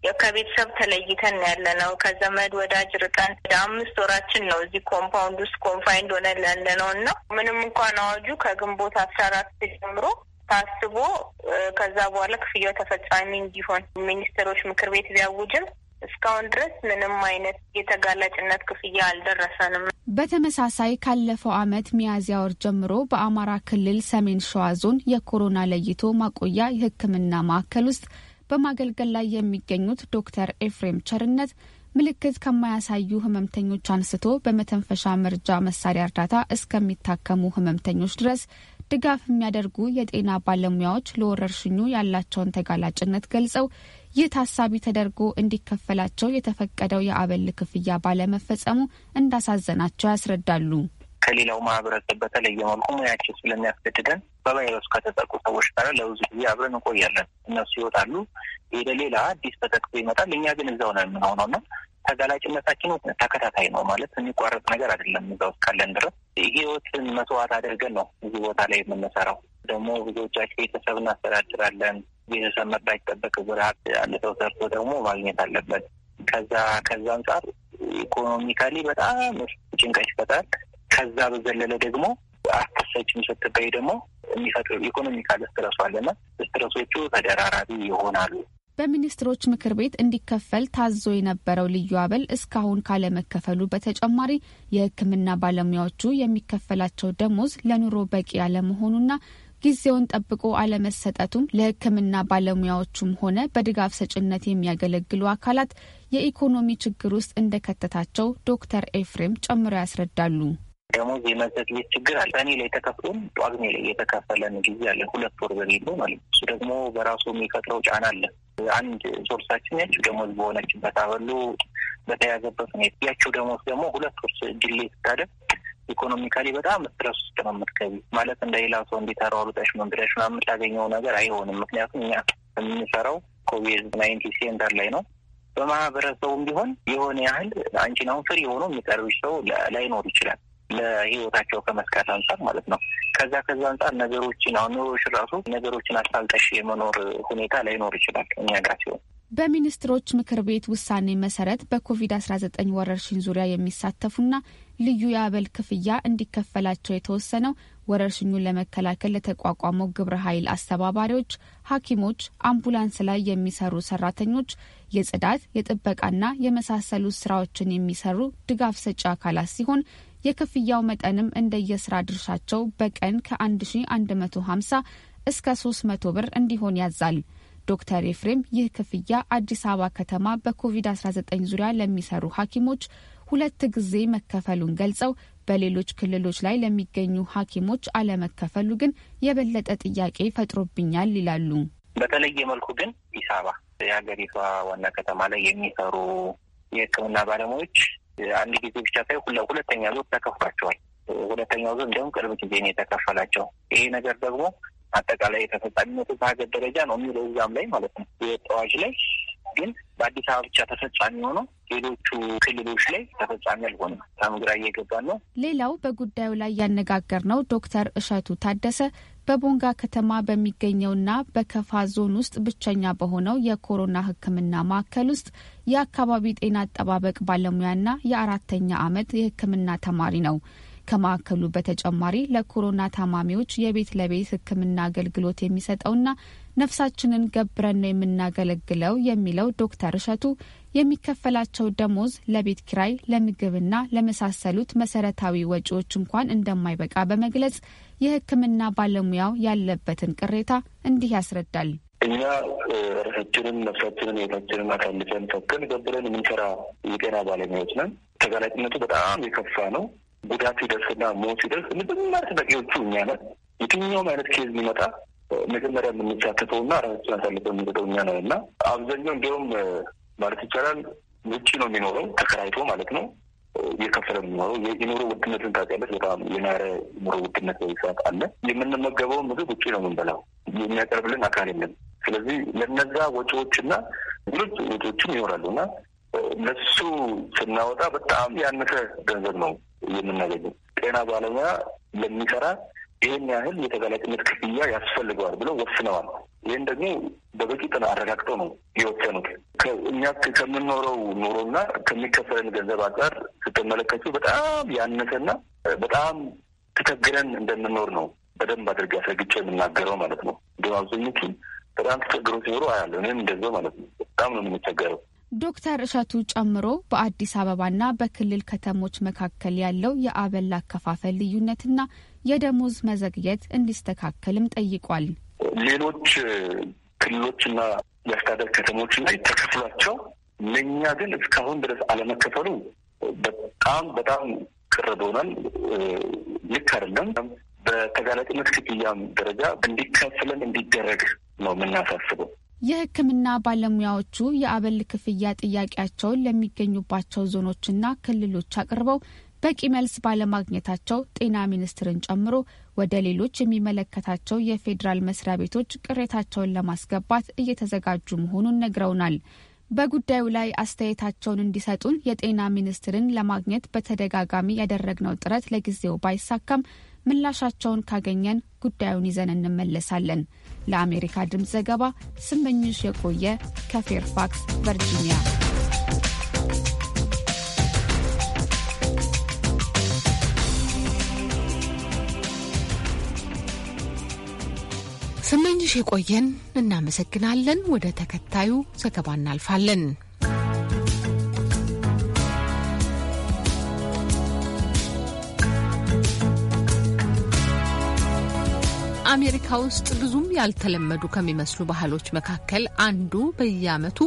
J: ያው ከቤተሰብ ተለይተን ያለ ነው። ከዘመድ ወዳጅ ርቀን ወደ አምስት ወራችን ነው እዚህ ኮምፓውንድ ውስጥ ኮንፋይንድ ሆነን ያለ ነው እና ምንም እንኳን አዋጁ ከግንቦት አስራ አራት ጀምሮ ታስቦ ከዛ በኋላ ክፍያው ተፈጻሚ እንዲሆን ሚኒስትሮች ምክር ቤት ቢያውጅም እስካሁን ድረስ ምንም አይነት የተጋላጭነት ክፍያ አልደረሰንም።
M: በተመሳሳይ ካለፈው ዓመት ሚያዝያ ወር ጀምሮ በአማራ ክልል ሰሜን ሸዋ ዞን የኮሮና ለይቶ ማቆያ የሕክምና ማዕከል ውስጥ በማገልገል ላይ የሚገኙት ዶክተር ኤፍሬም ቸርነት ምልክት ከማያሳዩ ህመምተኞች አንስቶ በመተንፈሻ መርጃ መሳሪያ እርዳታ እስከሚታከሙ ህመምተኞች ድረስ ድጋፍ የሚያደርጉ የጤና ባለሙያዎች ለወረርሽኙ ያላቸውን ተጋላጭነት ገልጸው ይህ ታሳቢ ተደርጎ እንዲከፈላቸው የተፈቀደው የአበል ክፍያ ባለመፈጸሙ እንዳሳዘናቸው ያስረዳሉ።
J: ከሌላው ማህበረሰብ በተለየ መልኩ ሙያችን ስለሚያስገድደን በቫይረሱ ከተጠቁ ሰዎች ጋር ለብዙ ጊዜ አብረን እንቆያለን። እነሱ ይወጣሉ፣ ወደ ሌላ አዲስ ተጠቅሶ ይመጣል። እኛ ግን እዛው ነው የምንሆነው እና ተጋላጭነታችን ተከታታይ ነው ማለት የሚቋረጥ ነገር አይደለም። እዛ ውስጥ ካለን ድረስ ህይወትን መስዋዕት አድርገን ነው እዚህ ቦታ ላይ የምንሰራው። ደግሞ ብዙዎቻችን ቤተሰብ እናስተዳድራለን። ቤተሰብ መርዳት ይጠበቅ ብርሃት ያለ ሰው ሰርቶ ደግሞ ማግኘት አለበት። ከዛ ከዛ አንጻር ኢኮኖሚካሊ በጣም ጭንቀት ይፈጣል። ከዛ በዘለለ ደግሞ አስተሰጭም ስትባይ ደግሞ የሚፈጥሩ ኢኮኖሚካል ስትረሱ አለና ስትረሶቹ ተደራራቢ ይሆናሉ።
M: በሚኒስትሮች ምክር ቤት እንዲከፈል ታዞ የነበረው ልዩ አበል እስካሁን ካለመከፈሉ በተጨማሪ የሕክምና ባለሙያዎቹ የሚከፈላቸው ደሞዝ ለኑሮ በቂ ያለመሆኑና ጊዜውን ጠብቆ አለመሰጠቱም ለሕክምና ባለሙያዎቹም ሆነ በድጋፍ ሰጭነት የሚያገለግሉ አካላት የኢኮኖሚ ችግር ውስጥ እንደከተታቸው ዶክተር ኤፍሬም ጨምሮ ያስረዳሉ።
J: ደሞዝ የመዘግየት ችግር አለ። ሰኔ ላይ ተከፍሎም ጳጉሜ ላይ የተከፈለን ጊዜ አለ። ሁለት ወር ዘግይቶ ማለት ነው። እሱ ደግሞ በራሱ የሚፈጥረው ጫና አለ። አንድ ሶርሳችን ያችው ደሞዝ በሆነችበት አበሉ በተያዘበት ሁኔታ ያቸው ደሞዝ ደግሞ ሁለት ወርስ ድሌ ስታደርግ ኢኮኖሚካሊ በጣም ስትረስ ውስጥ ነው የምትገቢ። ማለት እንደ ሌላ ሰው እንዴት አሯሩጠሽ መንገዳሽ ምናምን የምታገኘው ነገር አይሆንም። ምክንያቱም እኛ የምንሰራው ኮቪድ ናይንቲ ሴንተር ላይ ነው። በማህበረሰቡም ቢሆን የሆነ ያህል አንቺን አሁን ፍሪ ሆኖ የሚቀርብሽ ሰው ላይኖር ይችላል። ለህይወታቸው ከመስጋት አንጻር ማለት ነው። ከዛ ከዛ አንጻር ነገሮችን አሁን ራሱ ነገሮችን አሳልጠሽ የመኖር ሁኔታ ላይኖር ይችላል እኛ ጋር ሲሆን
M: በሚኒስትሮች ምክር ቤት ውሳኔ መሰረት በኮቪድ-19 ወረርሽኝ ዙሪያ የሚሳተፉና ልዩ የአበል ክፍያ እንዲከፈላቸው የተወሰነው ወረርሽኙን ለመከላከል ለተቋቋመው ግብረ ኃይል አስተባባሪዎች፣ ሐኪሞች፣ አምቡላንስ ላይ የሚሰሩ ሰራተኞች፣ የጽዳት የጥበቃና የመሳሰሉ ስራዎችን የሚሰሩ ድጋፍ ሰጪ አካላት ሲሆን የክፍያው መጠንም እንደየስራ ድርሻቸው በቀን ከ1150 እስከ 300 ብር እንዲሆን ያዛል። ዶክተር ኤፍሬም ይህ ክፍያ አዲስ አበባ ከተማ በኮቪድ-19 ዙሪያ ለሚሰሩ ሐኪሞች ሁለት ጊዜ መከፈሉን ገልጸው በሌሎች ክልሎች ላይ ለሚገኙ ሐኪሞች አለመከፈሉ ግን የበለጠ ጥያቄ ፈጥሮብኛል ይላሉ።
J: በተለየ መልኩ ግን አዲስ አበባ የሀገሪቷ ዋና ከተማ ላይ የሚሰሩ የሕክምና ባለሙያዎች አንድ ጊዜ ብቻ ሳይሆን ሁለተኛ ዙር ተከፍሏቸዋል። ሁለተኛው ዙር እንዲሁም ቅርብ ጊዜ ነው የተከፈላቸው። ይሄ ነገር ደግሞ አጠቃላይ የተፈጻሚነቱ በሀገር ደረጃ ነው የሚለው እዛም ላይ ማለት ነው የወጣው አዋጅ ላይ ግን በአዲስ አበባ ብቻ ተፈጻሚ ሆኖ ሌሎቹ ክልሎች ላይ ተፈጻሚ አልሆነም። ከምግራ እየገባ ነው።
M: ሌላው በጉዳዩ ላይ ያነጋገር ነው ዶክተር እሸቱ ታደሰ በቦንጋ ከተማ በሚገኘውና በከፋ ዞን ውስጥ ብቸኛ በሆነው የኮሮና ሕክምና ማዕከል ውስጥ የአካባቢ ጤና አጠባበቅ ባለሙያና የአራተኛ ዓመት የሕክምና ተማሪ ነው። ከማዕከሉ በተጨማሪ ለኮሮና ታማሚዎች የቤት ለቤት ሕክምና አገልግሎት የሚሰጠውና ነፍሳችንን ገብረን ነው የምናገለግለው የሚለው ዶክተር እሸቱ የሚከፈላቸው ደሞዝ ለቤት ኪራይ፣ ለምግብና ለመሳሰሉት መሰረታዊ ወጪዎች እንኳን እንደማይበቃ በመግለጽ የሕክምና ባለሙያው ያለበትን ቅሬታ እንዲህ ያስረዳል።
J: እኛ ራሳችንን ነፍሳችንን የታችንን አካልፈን ፈክን ገብረን የምንሰራ የጤና ባለሙያዎች ነን። ተጋላጭነቱ በጣም የከፋ ነው። ጉዳት ሲደርስና ሞት ሲደርስ መጀመሪያ ተጠቂዎቹ እኛ ነን። የትኛውም አይነት ኬዝ የሚመጣ መጀመሪያ የምንሳተፈው እና ራሳችን አሳልፈው የምንሰጠው እኛ ነው እና አብዛኛው እንዲሁም ማለት ይቻላል ውጭ ነው የሚኖረው ተከራይቶ ማለት ነው እየከፈለ የሚኖረው የኑሮ ውድነትን ታውቂያለሽ። በጣም የናረ ኑሮ ውድነት በዚህ ሰዓት አለ። የምንመገበው ምግብ ውጭ ነው የምንበላው፣ የሚያቀርብልን አካል የለም። ስለዚህ ለነዛ ወጪዎችና ሌሎች ወጪዎችም ይኖራሉ እና ለሱ ስናወጣ በጣም ያነሰ ገንዘብ ነው የምናገኘው። ጤና ባለሙያ ለሚሰራ ይህን ያህል የተጋላጭነት ክፍያ ያስፈልገዋል ብለው ወስነዋል። ይህን ደግሞ በበቂ ጥናት አረጋግጠው ነው የወሰኑት። እኛ ከምንኖረው ኑሮና ከሚከፈለን ገንዘብ አንጻር ስትመለከቱ በጣም ያነሰና በጣም ተቸግረን እንደምኖር ነው በደንብ አድርጌ አስረግጬ የምናገረው ማለት ነው። እንደማብዘኞቹ በጣም ተቸግረው ሲኖሩ አያለሁ። እኔም እንደዚያው ማለት ነው። በጣም ነው የምንቸገረው።
M: ዶክተር እሸቱ ጨምሮ በአዲስ አበባና በክልል ከተሞች መካከል ያለው የአበል አከፋፈል ልዩነትና የደሞዝ መዘግየት እንዲስተካከልም ጠይቋል።
J: ሌሎች ክልሎችና የአስተዳደር ከተሞች ላይ ተከፍሏቸው ለእኛ ግን እስካሁን ድረስ አለመከፈሉ በጣም በጣም ቅር ብሎናል። ልክ አይደለም። በተጋላጭነት ክፍያም ደረጃ እንዲከፍለን እንዲደረግ ነው የምናሳስበው።
M: የሕክምና ባለሙያዎቹ የአበል ክፍያ ጥያቄያቸውን ለሚገኙባቸው ዞኖችና ክልሎች አቅርበው በቂ መልስ ባለማግኘታቸው ጤና ሚኒስትርን ጨምሮ ወደ ሌሎች የሚመለከታቸው የፌዴራል መስሪያ ቤቶች ቅሬታቸውን ለማስገባት እየተዘጋጁ መሆኑን ነግረውናል። በጉዳዩ ላይ አስተያየታቸውን እንዲሰጡን የጤና ሚኒስትርን ለማግኘት በተደጋጋሚ ያደረግነው ጥረት ለጊዜው ባይሳካም ምላሻቸውን ካገኘን ጉዳዩን ይዘን እንመለሳለን። ለአሜሪካ ድምፅ ዘገባ ስመኝሽ የቆየ ከፌርፋክስ ቨርጂኒያ።
B: ስመኝሽ የቆየን እናመሰግናለን። ወደ ተከታዩ ዘገባ እናልፋለን። አሜሪካ ውስጥ ብዙም ያልተለመዱ ከሚመስሉ ባህሎች መካከል አንዱ በየዓመቱ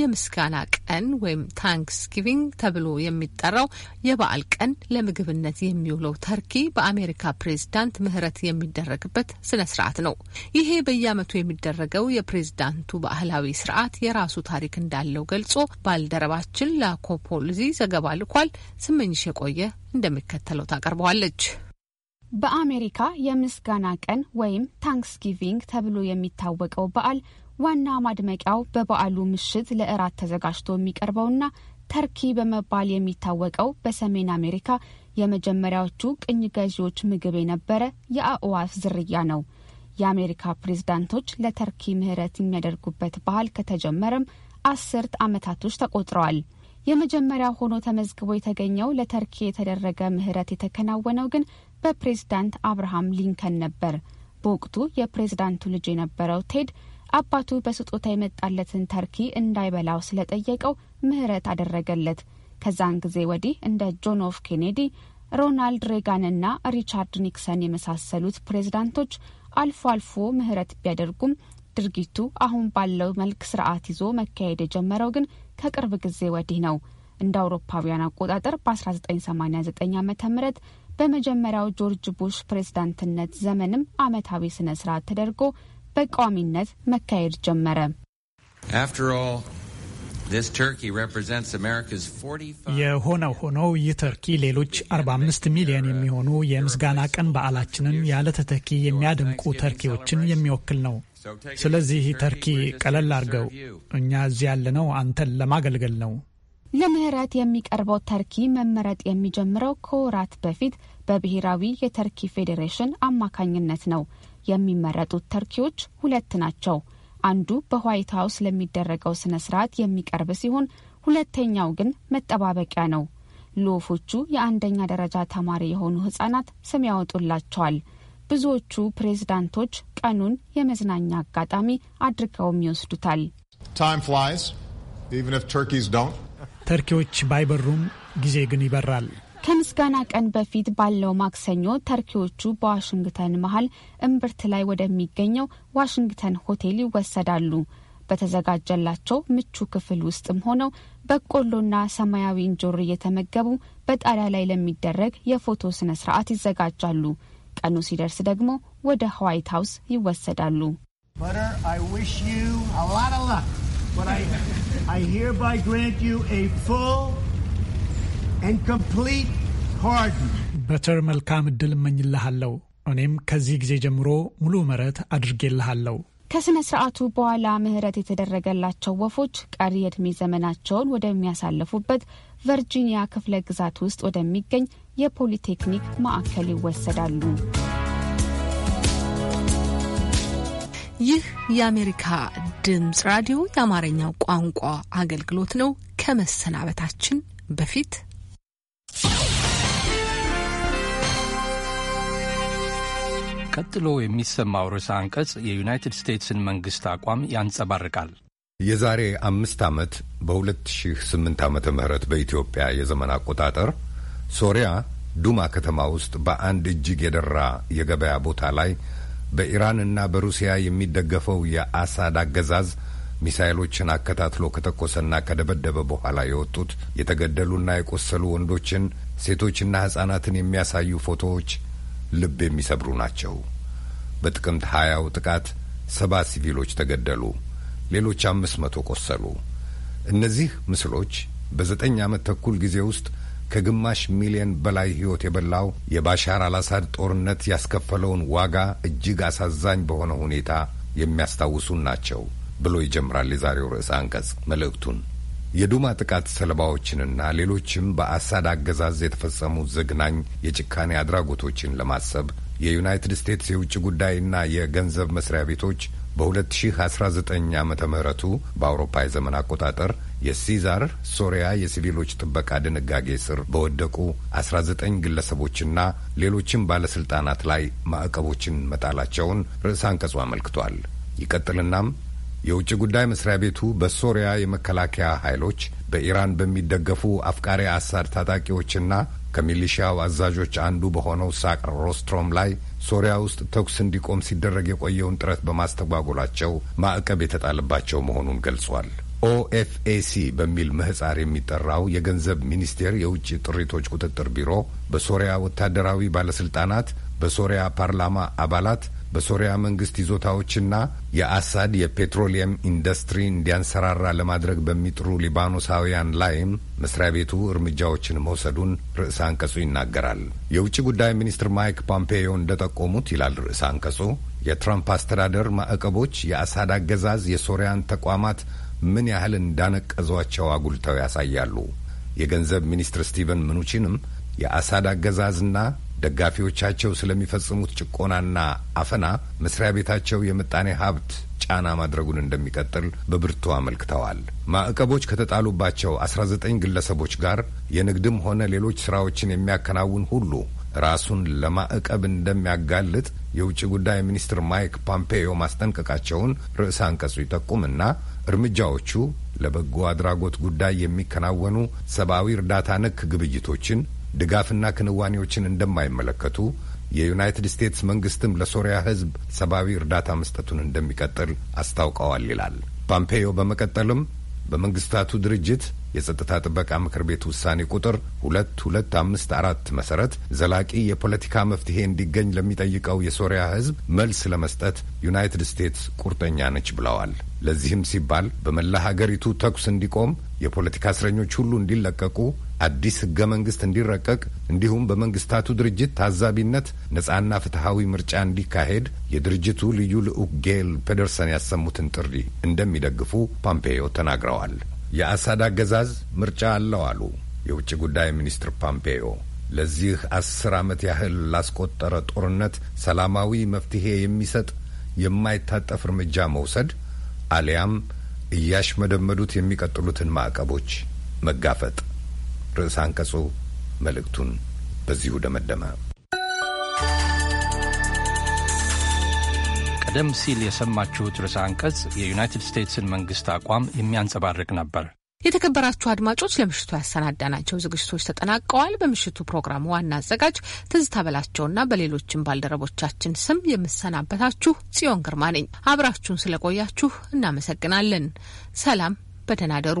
B: የምስጋና ቀን ወይም ታንክስጊቪንግ ተብሎ የሚጠራው የበዓል ቀን ለምግብነት የሚውለው ተርኪ በአሜሪካ ፕሬዝዳንት ምህረት የሚደረግበት ስነ ስርዓት ነው። ይሄ በየዓመቱ የሚደረገው የፕሬዝዳንቱ ባህላዊ ስርዓት የራሱ ታሪክ እንዳለው ገልጾ ባልደረባችን ላኮፖልዚ
M: ዘገባ ልኳል። ስመኝሽ የቆየ እንደሚከተለው ታቀርበዋለች። በአሜሪካ የምስጋና ቀን ወይም ታንክስጊቪንግ ተብሎ የሚታወቀው በዓል ዋና ማድመቂያው በበዓሉ ምሽት ለእራት ተዘጋጅቶ የሚቀርበውና ተርኪ በመባል የሚታወቀው በሰሜን አሜሪካ የመጀመሪያዎቹ ቅኝ ገዢዎች ምግብ የነበረ የአእዋፍ ዝርያ ነው። የአሜሪካ ፕሬዝዳንቶች ለተርኪ ምህረት የሚያደርጉበት ባህል ከተጀመረም አስርት ዓመታቶች ተቆጥረዋል። የመጀመሪያ ሆኖ ተመዝግቦ የተገኘው ለተርኪ የተደረገ ምህረት የተከናወነው ግን በፕሬዝዳንት አብርሃም ሊንከን ነበር። በወቅቱ የፕሬዝዳንቱ ልጅ የነበረው ቴድ አባቱ በስጦታ የመጣለትን ተርኪ እንዳይበላው ስለጠየቀው ምህረት አደረገለት። ከዛን ጊዜ ወዲህ እንደ ጆን ኦፍ ኬኔዲ፣ ሮናልድ ሬጋንና ሪቻርድ ኒክሰን የመሳሰሉት ፕሬዝዳንቶች አልፎ አልፎ ምህረት ቢያደርጉም ድርጊቱ አሁን ባለው መልክ ስርዓት ይዞ መካሄድ የጀመረው ግን ከቅርብ ጊዜ ወዲህ ነው። እንደ አውሮፓውያን አቆጣጠር በ1989 ዓ ም በመጀመሪያው ጆርጅ ቡሽ ፕሬዝዳንትነት ዘመንም አመታዊ ስነ ስርዓት ተደርጎ በቋሚነት መካሄድ ጀመረ።
F: የሆነው ሆኖ ይህ ተርኪ ሌሎች 45 ሚሊዮን የሚሆኑ የምስጋና ቀን በዓላችንን ያለ ተተኪ የሚያደምቁ ተርኪዎችን የሚወክል ነው። ስለዚህ ተርኪ ቀለል አድርገው፣ እኛ እዚህ ያለነው አንተን ለማገልገል ነው።
M: ለምህረት የሚቀርበው ተርኪ መመረጥ የሚጀምረው ከወራት በፊት በብሔራዊ የተርኪ ፌዴሬሽን አማካኝነት ነው። የሚመረጡት ተርኪዎች ሁለት ናቸው። አንዱ በዋይት ሀውስ ለሚደረገው ስነ ስርዓት የሚቀርብ ሲሆን ሁለተኛው ግን መጠባበቂያ ነው። ልዑፎቹ የአንደኛ ደረጃ ተማሪ የሆኑ ህጻናት ስም ያወጡላቸዋል። ብዙዎቹ ፕሬዝዳንቶች ቀኑን የመዝናኛ አጋጣሚ አድርገውም ይወስዱታል።
F: ታይም ፍላይስ ኢቨን ኢፍ ተርኪስ ዶንት ተርኪዎች ባይበሩም ጊዜ ግን ይበራል።
M: ከምስጋና ቀን በፊት ባለው ማክሰኞ ተርኪዎቹ በዋሽንግተን መሀል እምብርት ላይ ወደሚገኘው ዋሽንግተን ሆቴል ይወሰዳሉ። በተዘጋጀላቸው ምቹ ክፍል ውስጥም ሆነው በቆሎና ሰማያዊ እንጆሪ እየተመገቡ በጣሪያ ላይ ለሚደረግ የፎቶ ስነ ስርዓት ይዘጋጃሉ። ቀኑ ሲደርስ ደግሞ ወደ ዋይት ሀውስ ይወሰዳሉ።
F: But I, I hereby grant you a full and complete pardon. በቸር መልካም እድል እመኝልሃለሁ። እኔም ከዚህ ጊዜ ጀምሮ ሙሉ ምሕረት አድርጌልሃለሁ።
M: ከሥነ ሥርዓቱ በኋላ ምሕረት የተደረገላቸው ወፎች ቀሪ የዕድሜ ዘመናቸውን ወደሚያሳልፉበት ቨርጂኒያ ክፍለ ግዛት ውስጥ ወደሚገኝ የፖሊቴክኒክ ማዕከል ይወሰዳሉ። ይህ የአሜሪካ
B: ድምፅ ራዲዮ የአማርኛው ቋንቋ አገልግሎት ነው። ከመሰናበታችን በፊት
J: ቀጥሎ የሚሰማው ርዕሰ አንቀጽ የዩናይትድ ስቴትስን መንግሥት አቋም ያንጸባርቃል።
E: የዛሬ አምስት ዓመት በ2008 ዓ ም በኢትዮጵያ የዘመን አቆጣጠር ሶሪያ ዱማ ከተማ ውስጥ በአንድ እጅግ የደራ የገበያ ቦታ ላይ በኢራን እና በሩሲያ የሚደገፈው የአሳድ አገዛዝ ሚሳይሎችን አከታትሎ ከተኮሰና ከደበደበ በኋላ የወጡት የተገደሉና የቆሰሉ ወንዶችን፣ ሴቶችና ሕፃናትን የሚያሳዩ ፎቶዎች ልብ የሚሰብሩ ናቸው። በጥቅምት ሀያው ጥቃት ሰባ ሲቪሎች ተገደሉ፣ ሌሎች አምስት መቶ ቆሰሉ። እነዚህ ምስሎች በዘጠኝ ዓመት ተኩል ጊዜ ውስጥ ከግማሽ ሚሊዮን በላይ ሕይወት የበላው የባሻር አልአሳድ ጦርነት ያስከፈለውን ዋጋ እጅግ አሳዛኝ በሆነ ሁኔታ የሚያስታውሱን ናቸው ብሎ ይጀምራል የዛሬው ርዕሰ አንቀጽ መልእክቱን። የዱማ ጥቃት ሰለባዎችንና ሌሎችም በአሳድ አገዛዝ የተፈጸሙ ዘግናኝ የጭካኔ አድራጎቶችን ለማሰብ የዩናይትድ ስቴትስ የውጭ ጉዳይና የገንዘብ መስሪያ ቤቶች በ2019 ዓ ምህረቱ በአውሮፓ የዘመን አቆጣጠር የሲዛር ሶሪያ የሲቪሎች ጥበቃ ድንጋጌ ስር በወደቁ 19 ግለሰቦችና ሌሎችም ባለስልጣናት ላይ ማዕቀቦችን መጣላቸውን ርዕሰ አንቀጹ አመልክቷል። ይቀጥልናም የውጭ ጉዳይ መስሪያ ቤቱ በሶሪያ የመከላከያ ኃይሎች በኢራን በሚደገፉ አፍቃሪ አሳድ ታጣቂዎችና ከሚሊሺያው አዛዦች አንዱ በሆነው ሳቅር ሮስትሮም ላይ ሶሪያ ውስጥ ተኩስ እንዲቆም ሲደረግ የቆየውን ጥረት በማስተጓጎላቸው ማዕቀብ የተጣለባቸው መሆኑን ገልጿል። ኦኤፍኤሲ በሚል ምህጻር የሚጠራው የገንዘብ ሚኒስቴር የውጭ ጥሪቶች ቁጥጥር ቢሮ በሶሪያ ወታደራዊ ባለስልጣናት፣ በሶሪያ ፓርላማ አባላት፣ በሶሪያ መንግስት ይዞታዎችና የአሳድ የፔትሮሊየም ኢንዱስትሪ እንዲያንሰራራ ለማድረግ በሚጥሩ ሊባኖሳውያን ላይም መስሪያ ቤቱ እርምጃዎችን መውሰዱን ርዕሰ አንቀጹ ይናገራል። የውጭ ጉዳይ ሚኒስትር ማይክ ፖምፔዮ እንደጠቆሙት ይላል ርዕሰ አንቀጹ የትራምፕ አስተዳደር ማዕቀቦች የአሳድ አገዛዝ የሶሪያን ተቋማት ምን ያህል እንዳነቀዟቸው አጉልተው ያሳያሉ። የገንዘብ ሚኒስትር ስቲቨን ምኑቺንም የአሳድ አገዛዝና ደጋፊዎቻቸው ስለሚፈጽሙት ጭቆናና አፈና መስሪያ ቤታቸው የምጣኔ ሀብት ጫና ማድረጉን እንደሚቀጥል በብርቱ አመልክተዋል። ማዕቀቦች ከተጣሉባቸው 19 ግለሰቦች ጋር የንግድም ሆነ ሌሎች ስራዎችን የሚያከናውን ሁሉ ራሱን ለማዕቀብ እንደሚያጋልጥ የውጭ ጉዳይ ሚኒስትር ማይክ ፖምፔዮ ማስጠንቀቃቸውን ርዕሰ አንቀጹ ይጠቁምና እርምጃዎቹ ለበጎ አድራጎት ጉዳይ የሚከናወኑ ሰብአዊ እርዳታ ነክ ግብይቶችን፣ ድጋፍና ክንዋኔዎችን እንደማይመለከቱ የዩናይትድ ስቴትስ መንግስትም ለሶሪያ ሕዝብ ሰብአዊ እርዳታ መስጠቱን እንደሚቀጥል አስታውቀዋል ይላል ፓምፔዮ በመቀጠልም በመንግስታቱ ድርጅት የጸጥታ ጥበቃ ምክር ቤት ውሳኔ ቁጥር 2254 ሁለት መሰረት ዘላቂ የፖለቲካ መፍትሄ እንዲገኝ ለሚጠይቀው የሶሪያ ሕዝብ መልስ ለመስጠት ዩናይትድ ስቴትስ ቁርጠኛ ነች ብለዋል። ለዚህም ሲባል በመላ ሀገሪቱ ተኩስ እንዲቆም፣ የፖለቲካ እስረኞች ሁሉ እንዲለቀቁ፣ አዲስ ህገ መንግስት እንዲረቀቅ እንዲሁም በመንግስታቱ ድርጅት ታዛቢነት ነጻና ፍትሐዊ ምርጫ እንዲካሄድ የድርጅቱ ልዩ ልዑክ ጌል ፔደርሰን ያሰሙትን ጥሪ እንደሚደግፉ ፖምፔዮ ተናግረዋል። የአሳድ አገዛዝ ምርጫ አለው አሉ የውጭ ጉዳይ ሚኒስትር ፖምፔዮ። ለዚህ አስር ዓመት ያህል ላስቆጠረ ጦርነት ሰላማዊ መፍትሄ የሚሰጥ የማይታጠፍ እርምጃ መውሰድ አሊያም እያሽመደመዱት የሚቀጥሉትን ማዕቀቦች መጋፈጥ። ርዕሰ አንቀጹ መልእክቱን በዚሁ ደመደመ።
J: ቀደም ሲል የሰማችሁት ርዕሰ አንቀጽ የዩናይትድ ስቴትስን መንግስት አቋም የሚያንጸባርቅ ነበር።
B: የተከበራችሁ አድማጮች ለምሽቱ ያሰናዳናቸው ዝግጅቶች ተጠናቀዋል። በምሽቱ ፕሮግራሙ ዋና አዘጋጅ ትዝታ በላቸውና በሌሎችም ባልደረቦቻችን ስም የምሰናበታችሁ ጽዮን ግርማ ነኝ። አብራችሁን ስለቆያችሁ እናመሰግናለን። ሰላም፣ በደህና ደሩ።